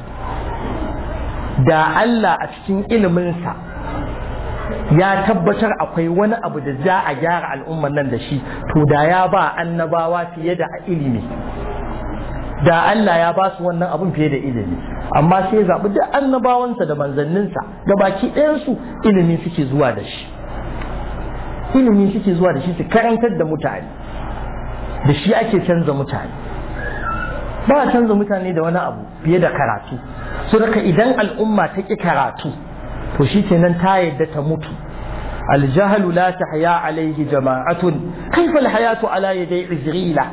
da Allah a cikin iliminsa ya tabbatar akwai wani abu da za a gyara al'umman nan da shi to da ya ba annabawa fiye da ilimi da Allah ya ba su wannan abun fiye da ilimi amma sai zaɓi da annabawansa da manzanninsa da baki ɗayansu ilimi suke zuwa da shi ilimi suke zuwa da shi su karantar da mutane da shi ake canza mutane ba canza mutane da wani abu fiye da karatu su daga idan al'umma ta ƙi karatu to shi ce nan ta yadda ta mutu aljahalu la ta haya alaihi jama'atun kaifal hayatu ala ya dai izrila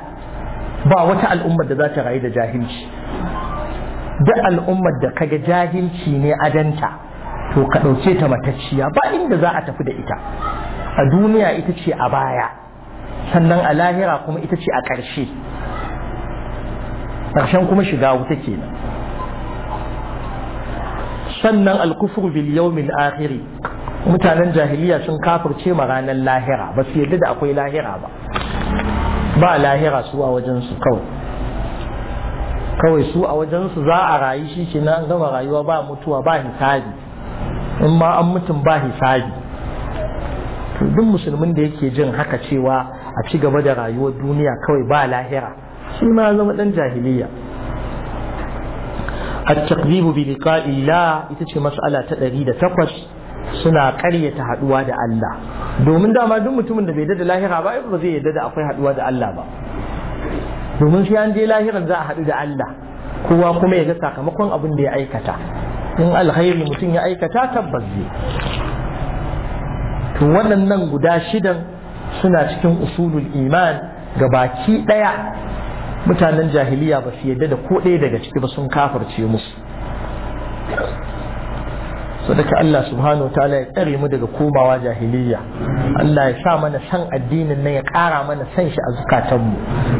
ba wata al'ummar da za ta rayu da jahilci duk al'ummar da ka ga jahilci ne a danta to ka ɗauke ta matacciya ba inda za a tafi da ita a duniya ita ce a baya sannan a lahira kuma ita ce a ƙarshe ƙarshen kuma shiga wuta ke nan sannan alkufur bil yawmil akhiri mutanen jahiliya sun kafirce ma ranar lahira ba su yadda da akwai lahira ba ba lahira su a wajen su kawai kawai su a wajen su za a rayu shi ke an gama rayuwa ba mutuwa ba hisabi in ma an mutum ba hisabi duk musulmin da yake jin haka cewa a ci gaba da rayuwar duniya kawai ba lahira shi ma zama dan jahiliya التقذيب بلقاء ita ce mas'ala ta 108 suna ƙaryata haduwa da Allah domin dama duk mutumin da bai da lahira ba ba zai yarda da akwai haduwa da Allah ba domin sai an je lahiran za a hadu da Allah kowa kuma ya ga sakamakon abin da ya aikata in alkhairi mutum ya aikata tabbas zai to waɗannan guda shidan suna cikin usulul iman ga baki ɗaya mutanen jahiliya ba su yadda da ko ɗaya daga ciki ba sun kafarce musu sadaka Allah subhanahu ta'ala ya tsare mu daga komawa jahiliya Allah ya sa mana san addinin nan ya ƙara mana san shi a zukatanmu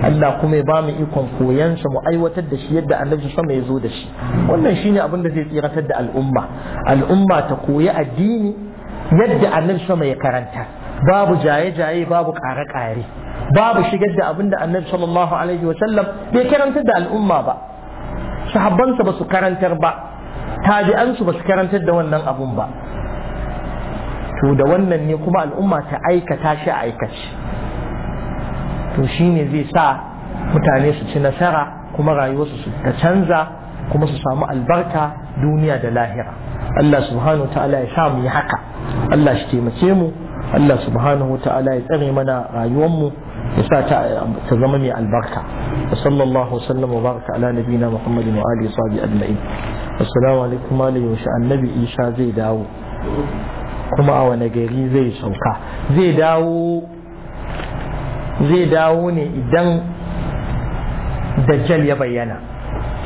Allah kuma ya ba mu ikon koyan sa mu aiwatar da shi yadda Annabi sama ya zo da shi wannan shine abin da zai tsiratar da al'umma al'umma ta koyi addini yadda Annabi sama ya karanta babu jaye-jaye babu ƙare-ƙare babu shigar da abin da annabi sallallahu alaihi wa sallam bai karantar da al'umma ba sahabbansa ba su karantar ba tabi'ansu ba su karantar da wannan abun ba to da wannan ne kuma al'umma ta aikata shi a aikace to shine zai sa mutane su ci nasara kuma rayuwarsu su ta canza kuma su samu albarka duniya da lahira Allah subhanahu ta'ala ya sa mu yi haka Allah shi taimake mu Allah subhanahu ta'ala ya tsare mana rayuwar mu yasa ta zama mai albarka sallallahu sallam wa baraka ala na Muhammadu wa alihi sahbi ajma'in assalamu alaikum wa yaushe annabi isha zai dawo kuma a wani gari zai sauka zai dawo zai dawo ne idan dajjal ya bayyana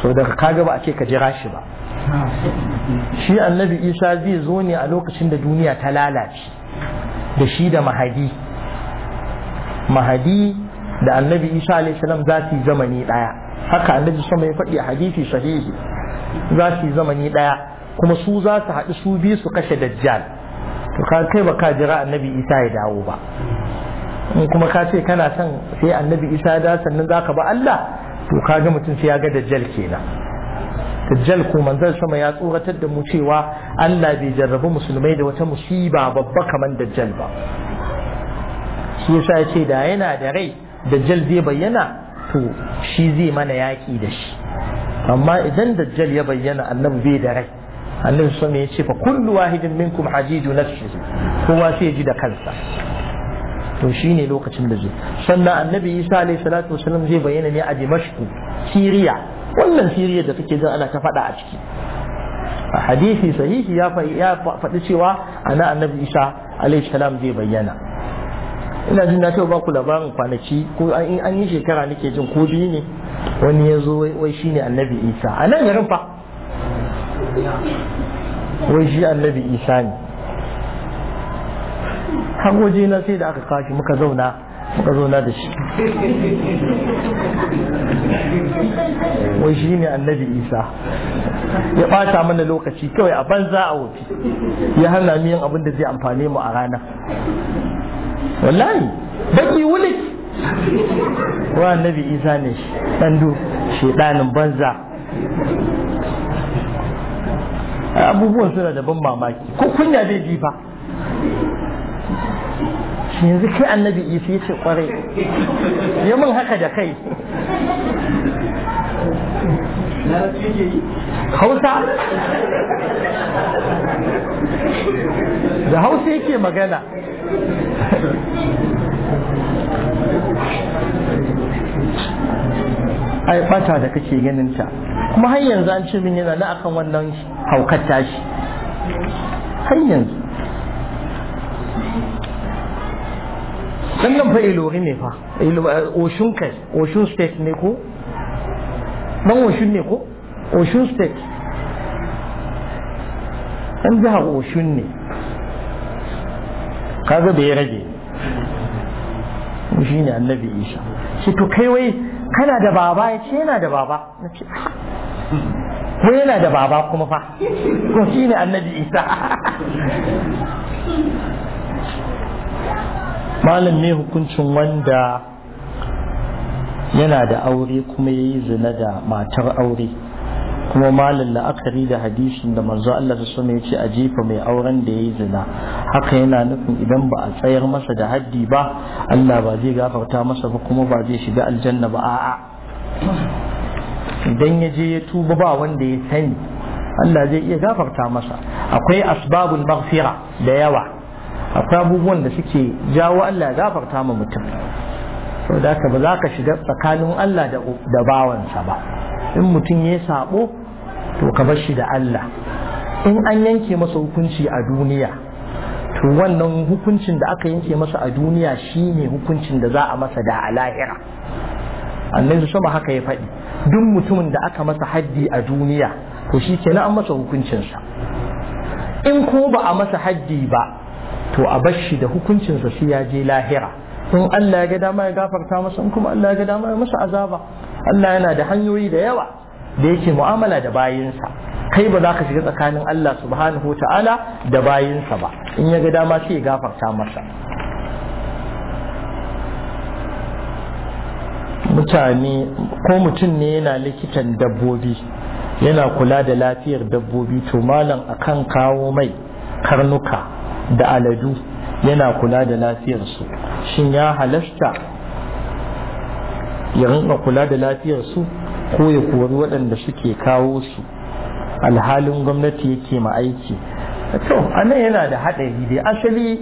so daga kaga ba a ce ka jira shi ba shi annabi isa zai zo ne a lokacin da duniya ta lalace da shi da mahadi mahadi da annabi isa alaihi za su yi zamani daya haka annabi sama ya faɗi a hadisi sahihi za su yi zamani daya kuma su za su haɗu su biyu su kashe dajjal to ka kai ba ka jira annabi isa ya dawo ba in kuma ka ce kana son sai annabi isa ya dawo sannan za ka ba allah to ka ga mutum sai ya ga dajjal kenan dajjal ko manzon sama ya tsoratar da mu cewa allah bai jarrabi musulmai da wata musiba babba kamar dajjal ba shi yasa ce da yana da rai dajjal zai bayyana to shi zai mana yaƙi da shi amma idan dajjal ya bayyana annabi bai da rai annabi sun ya ce fa kullu wahidin minkum hajiju nafsihi kowa sai ya ji da kansa to ne lokacin da zai sannan annabi isa alayhi salatu wasallam zai bayyana ne a dimashku siriya wannan siriya da kake jin ana ta faɗa a ciki a hadisi sahihi ya faɗi cewa ana annabi isa alayhi salam zai bayyana ina jin na taɓa baku labarin kwanaki ko an yi shekara nake jin ko biyu ne wani ya zo wai shi ne annabi isa a nan garin fa wai shi annabi isa ne har waje na sai da aka kashi muka zauna muka zauna da shi wai shi ne annabi isa ya ɓata mana lokaci kawai a banza a wofi ya hana mu yin abin da zai amfane mu a rana wallahi baki wuli wa annabi isa ne shi ɗandu danin banza abubuwan suna da ban mamaki ko kunya zai ji fa yanzu kai annabi isa ya ce kwarai ya mun haka da kai hausa da hausa yake magana ai bata da kake ganin ta kuma har yanzu an ce min yana na akan wannan haukar tashi har yanzu nan fa ilori ne fa eh, oshun kai oshun state ne ko dan oshun ne ko oshun state ɗan jihar oshun ne kaga bai rage shi ne annabi isa shi to kai wai kana da baba ya ce yana da baba na ce ko ah. yana da baba kuma fa ko shi ne annabi isa [LAUGHS] malam ne hukuncin wanda yana da aure kuma ya yi zina da matar aure kuma malin la'akari da hadisin da manzo Allah su ya ce a jefa mai auren da ya yi zina haka yana nufin idan ba a tsayar masa da haddi ba Allah ba zai gafarta masa ba kuma ba zai shiga aljanna ba a'a idan ya je ya tuba ba wanda ya sani Allah zai iya gafarta masa akwai asbabul maghfira da yawa akwai abubuwan da suke jawo Allah ya gafarta ma mutum saboda ba za ka shiga tsakanin Allah da bawansa ba in mutum ya sabo to ka bar shi da Allah in an yanke masa hukunci a duniya to wannan hukuncin da aka yanke masa a duniya shine hukuncin da za a masa da a lahira annabi sama haka ya faɗi duk mutumin da aka masa haddi a duniya to shi kenan an masa hukuncinsa in ko ba a masa haddi ba to a bar shi da hukuncinsa sai ya je lahira in Allah ya ga dama ya gafarta masa in kuma Allah ya ga dama ya masa azaba Allah yana da hanyoyi da yawa da yake mu'amala da bayinsa kai ba za ka shiga tsakanin Allah subhanahu ta'ala da bayinsa ba in ya ga dama sai ya gafarta masa mutane ko mutum ne yana likitan dabbobi yana kula da lafiyar dabbobi to malam akan kawo mai karnuka da aladu yana kula da lafiyar su shin ya halasta ya rinka kula da lafiyar su ko ya kori waɗanda suke kawo su alhalin gwamnati yake ma aiki to anan yana da haɗari dai asali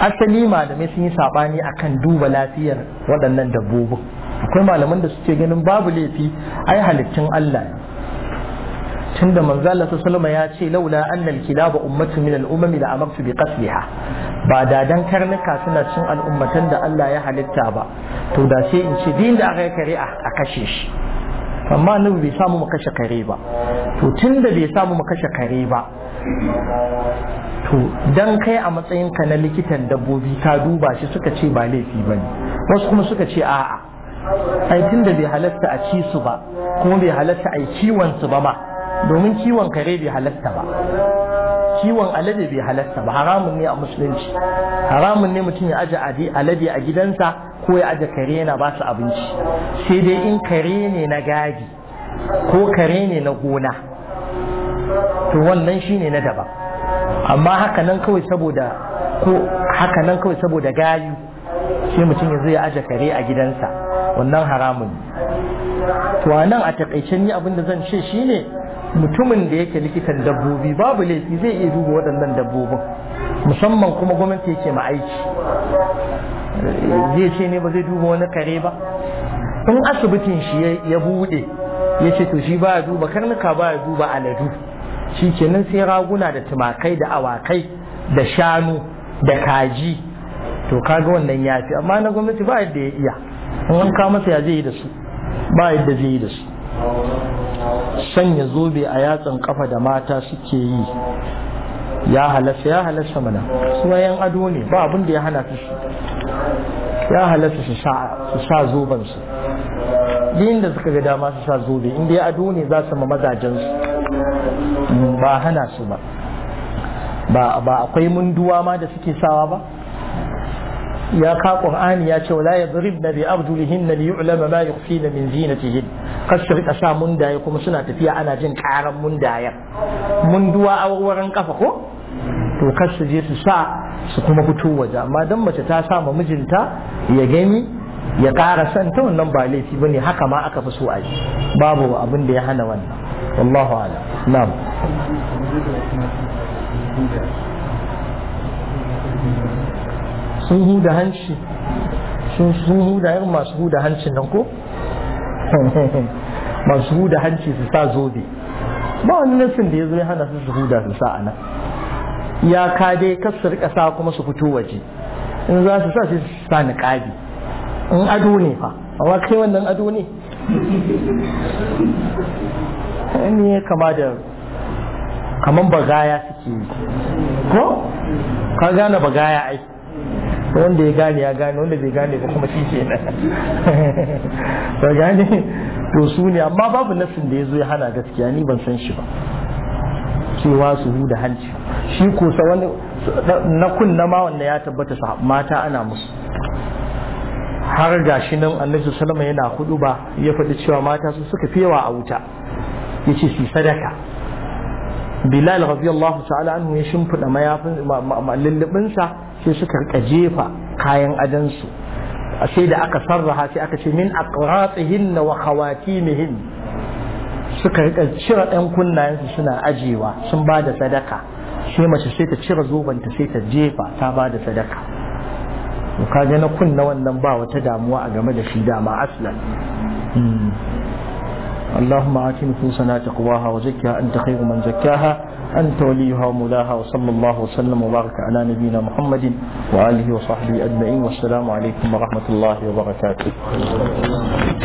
asali malamai sun yi saɓani akan duba lafiyar waɗannan dabbobin akwai malaman da suke ganin babu laifi ai halittun Allah tunda manzo Allah sallallahu ya ce laula annal kilaba ummatun min al-umami la amartu bi qatliha ba da dan karnuka suna cin al'ummatan da Allah ya halitta ba to da sai in ce din da aka kare a kashe shi amma nan bai samu mu kashe kare ba to tunda bai samu mu kashe kare ba to dan kai a matsayin ka na likitan dabbobi ka duba shi suka ce ba laifi bane wasu kuma suka ce a'a ai tunda bai halatta a ci su ba kuma bai halatta a yi kiwon su ba ma domin kiwon kare bai halatta ba kiwon alade bai halatta ba haramun ne a musulunci haramun ne mutum ya aje alade a gidansa ko ya aje kare na ba su abinci sai dai in kare ne na gadi ko kare ne na gona to wannan shine na daban amma haka nan kawai saboda ko haka nan kawai saboda gayu sai mutum ya zai aje kare a gidansa wannan haramun to nan a takaicen ni abin da zan ce shine mutumin da yake likitan dabbobi babu laifi zai iya duba waɗannan dabbobin musamman kuma gwamnati yake ma aiki zai ce ne ba zai duba wani kare ba in asibitin shi ya buɗe ya ce to shi ba ya duba karnuka ba ya duba aladu shi kenan sai raguna da tumakai da awakai da shanu da kaji to kaga wannan ya fi amma na gwamnati ba yadda ya iya in an kawo masa ya zai yi da su ba yadda zai yi da su sanya zobe a yatsan kafa da mata suke yi ya halasta ya halasta mana suna yan ado ne ba abin da ya hana su ya halasta su sa zoben su da suka ga dama su sa zobe inda ya ado ne za su ma mazajen su ba hana su ba ba akwai munduwa ma da suke sawa ba ya ka qur'ani ya ce wala yadribna bi arjulihinna li yu'lama ma yukhfina min zinatihin kasu rika sa mundaye kuma suna tafiya ana jin karan mundayen munduwa a warwaran kafa ko to kar je su sa su kuma fito waje amma dan mace ta sa ma mijinta ya gani ya ƙara san ta wannan ba laifi bane haka ma aka fi so a yi babu abin da ya hana wannan wallahu ala na'am sun huda hanci sun huda irin masu huda hancin nan ko [LAUGHS] masu huda hanci su sa zobe ba wani nufin da ya zo ya hana su su huda su sa nan. ya ka dai kar su rika sa kuma su fito waje in za su sa su sa kadi in ado ne fa amma kai wannan ado ne [LAUGHS] ne kama da kaman bagaya suke ko ka gane bagaya ai wanda ya gane ya gane wanda bai gane ba kuma shi nan [LAUGHS] ba gane to su ne amma babu nassin da ya zo ya hana gaskiya ni ban san shi ba cewa su huda hanci shi ko sa wani na kunna ma wanda ya tabbata mata ana musu har gashi nan annabi sallama yana hudu ba ya faɗi cewa mata su suka fewa a wuta yace su sadaka bilal radiyallahu ta'ala anhu ya shimfida mayafin lullubinsa sai suka rika jefa kayan adansu sai da aka sarraha sai aka ce min aqratihin wa khawatimihin suka rika cire ɗan kunnayensu suna ajewa sun ba da sadaka sai mace sai ta cire zobanta sai ta jefa ta ba da sadaka ka ga na kunna wannan ba wata damuwa a game da shi dama aslan اللهم آت نفوسنا تقواها وزكها أنت خير من زكاها أنت وليها ومولاها وصلى الله وسلم وبارك على نبينا محمد وآله وصحبه أجمعين والسلام عليكم ورحمة الله وبركاته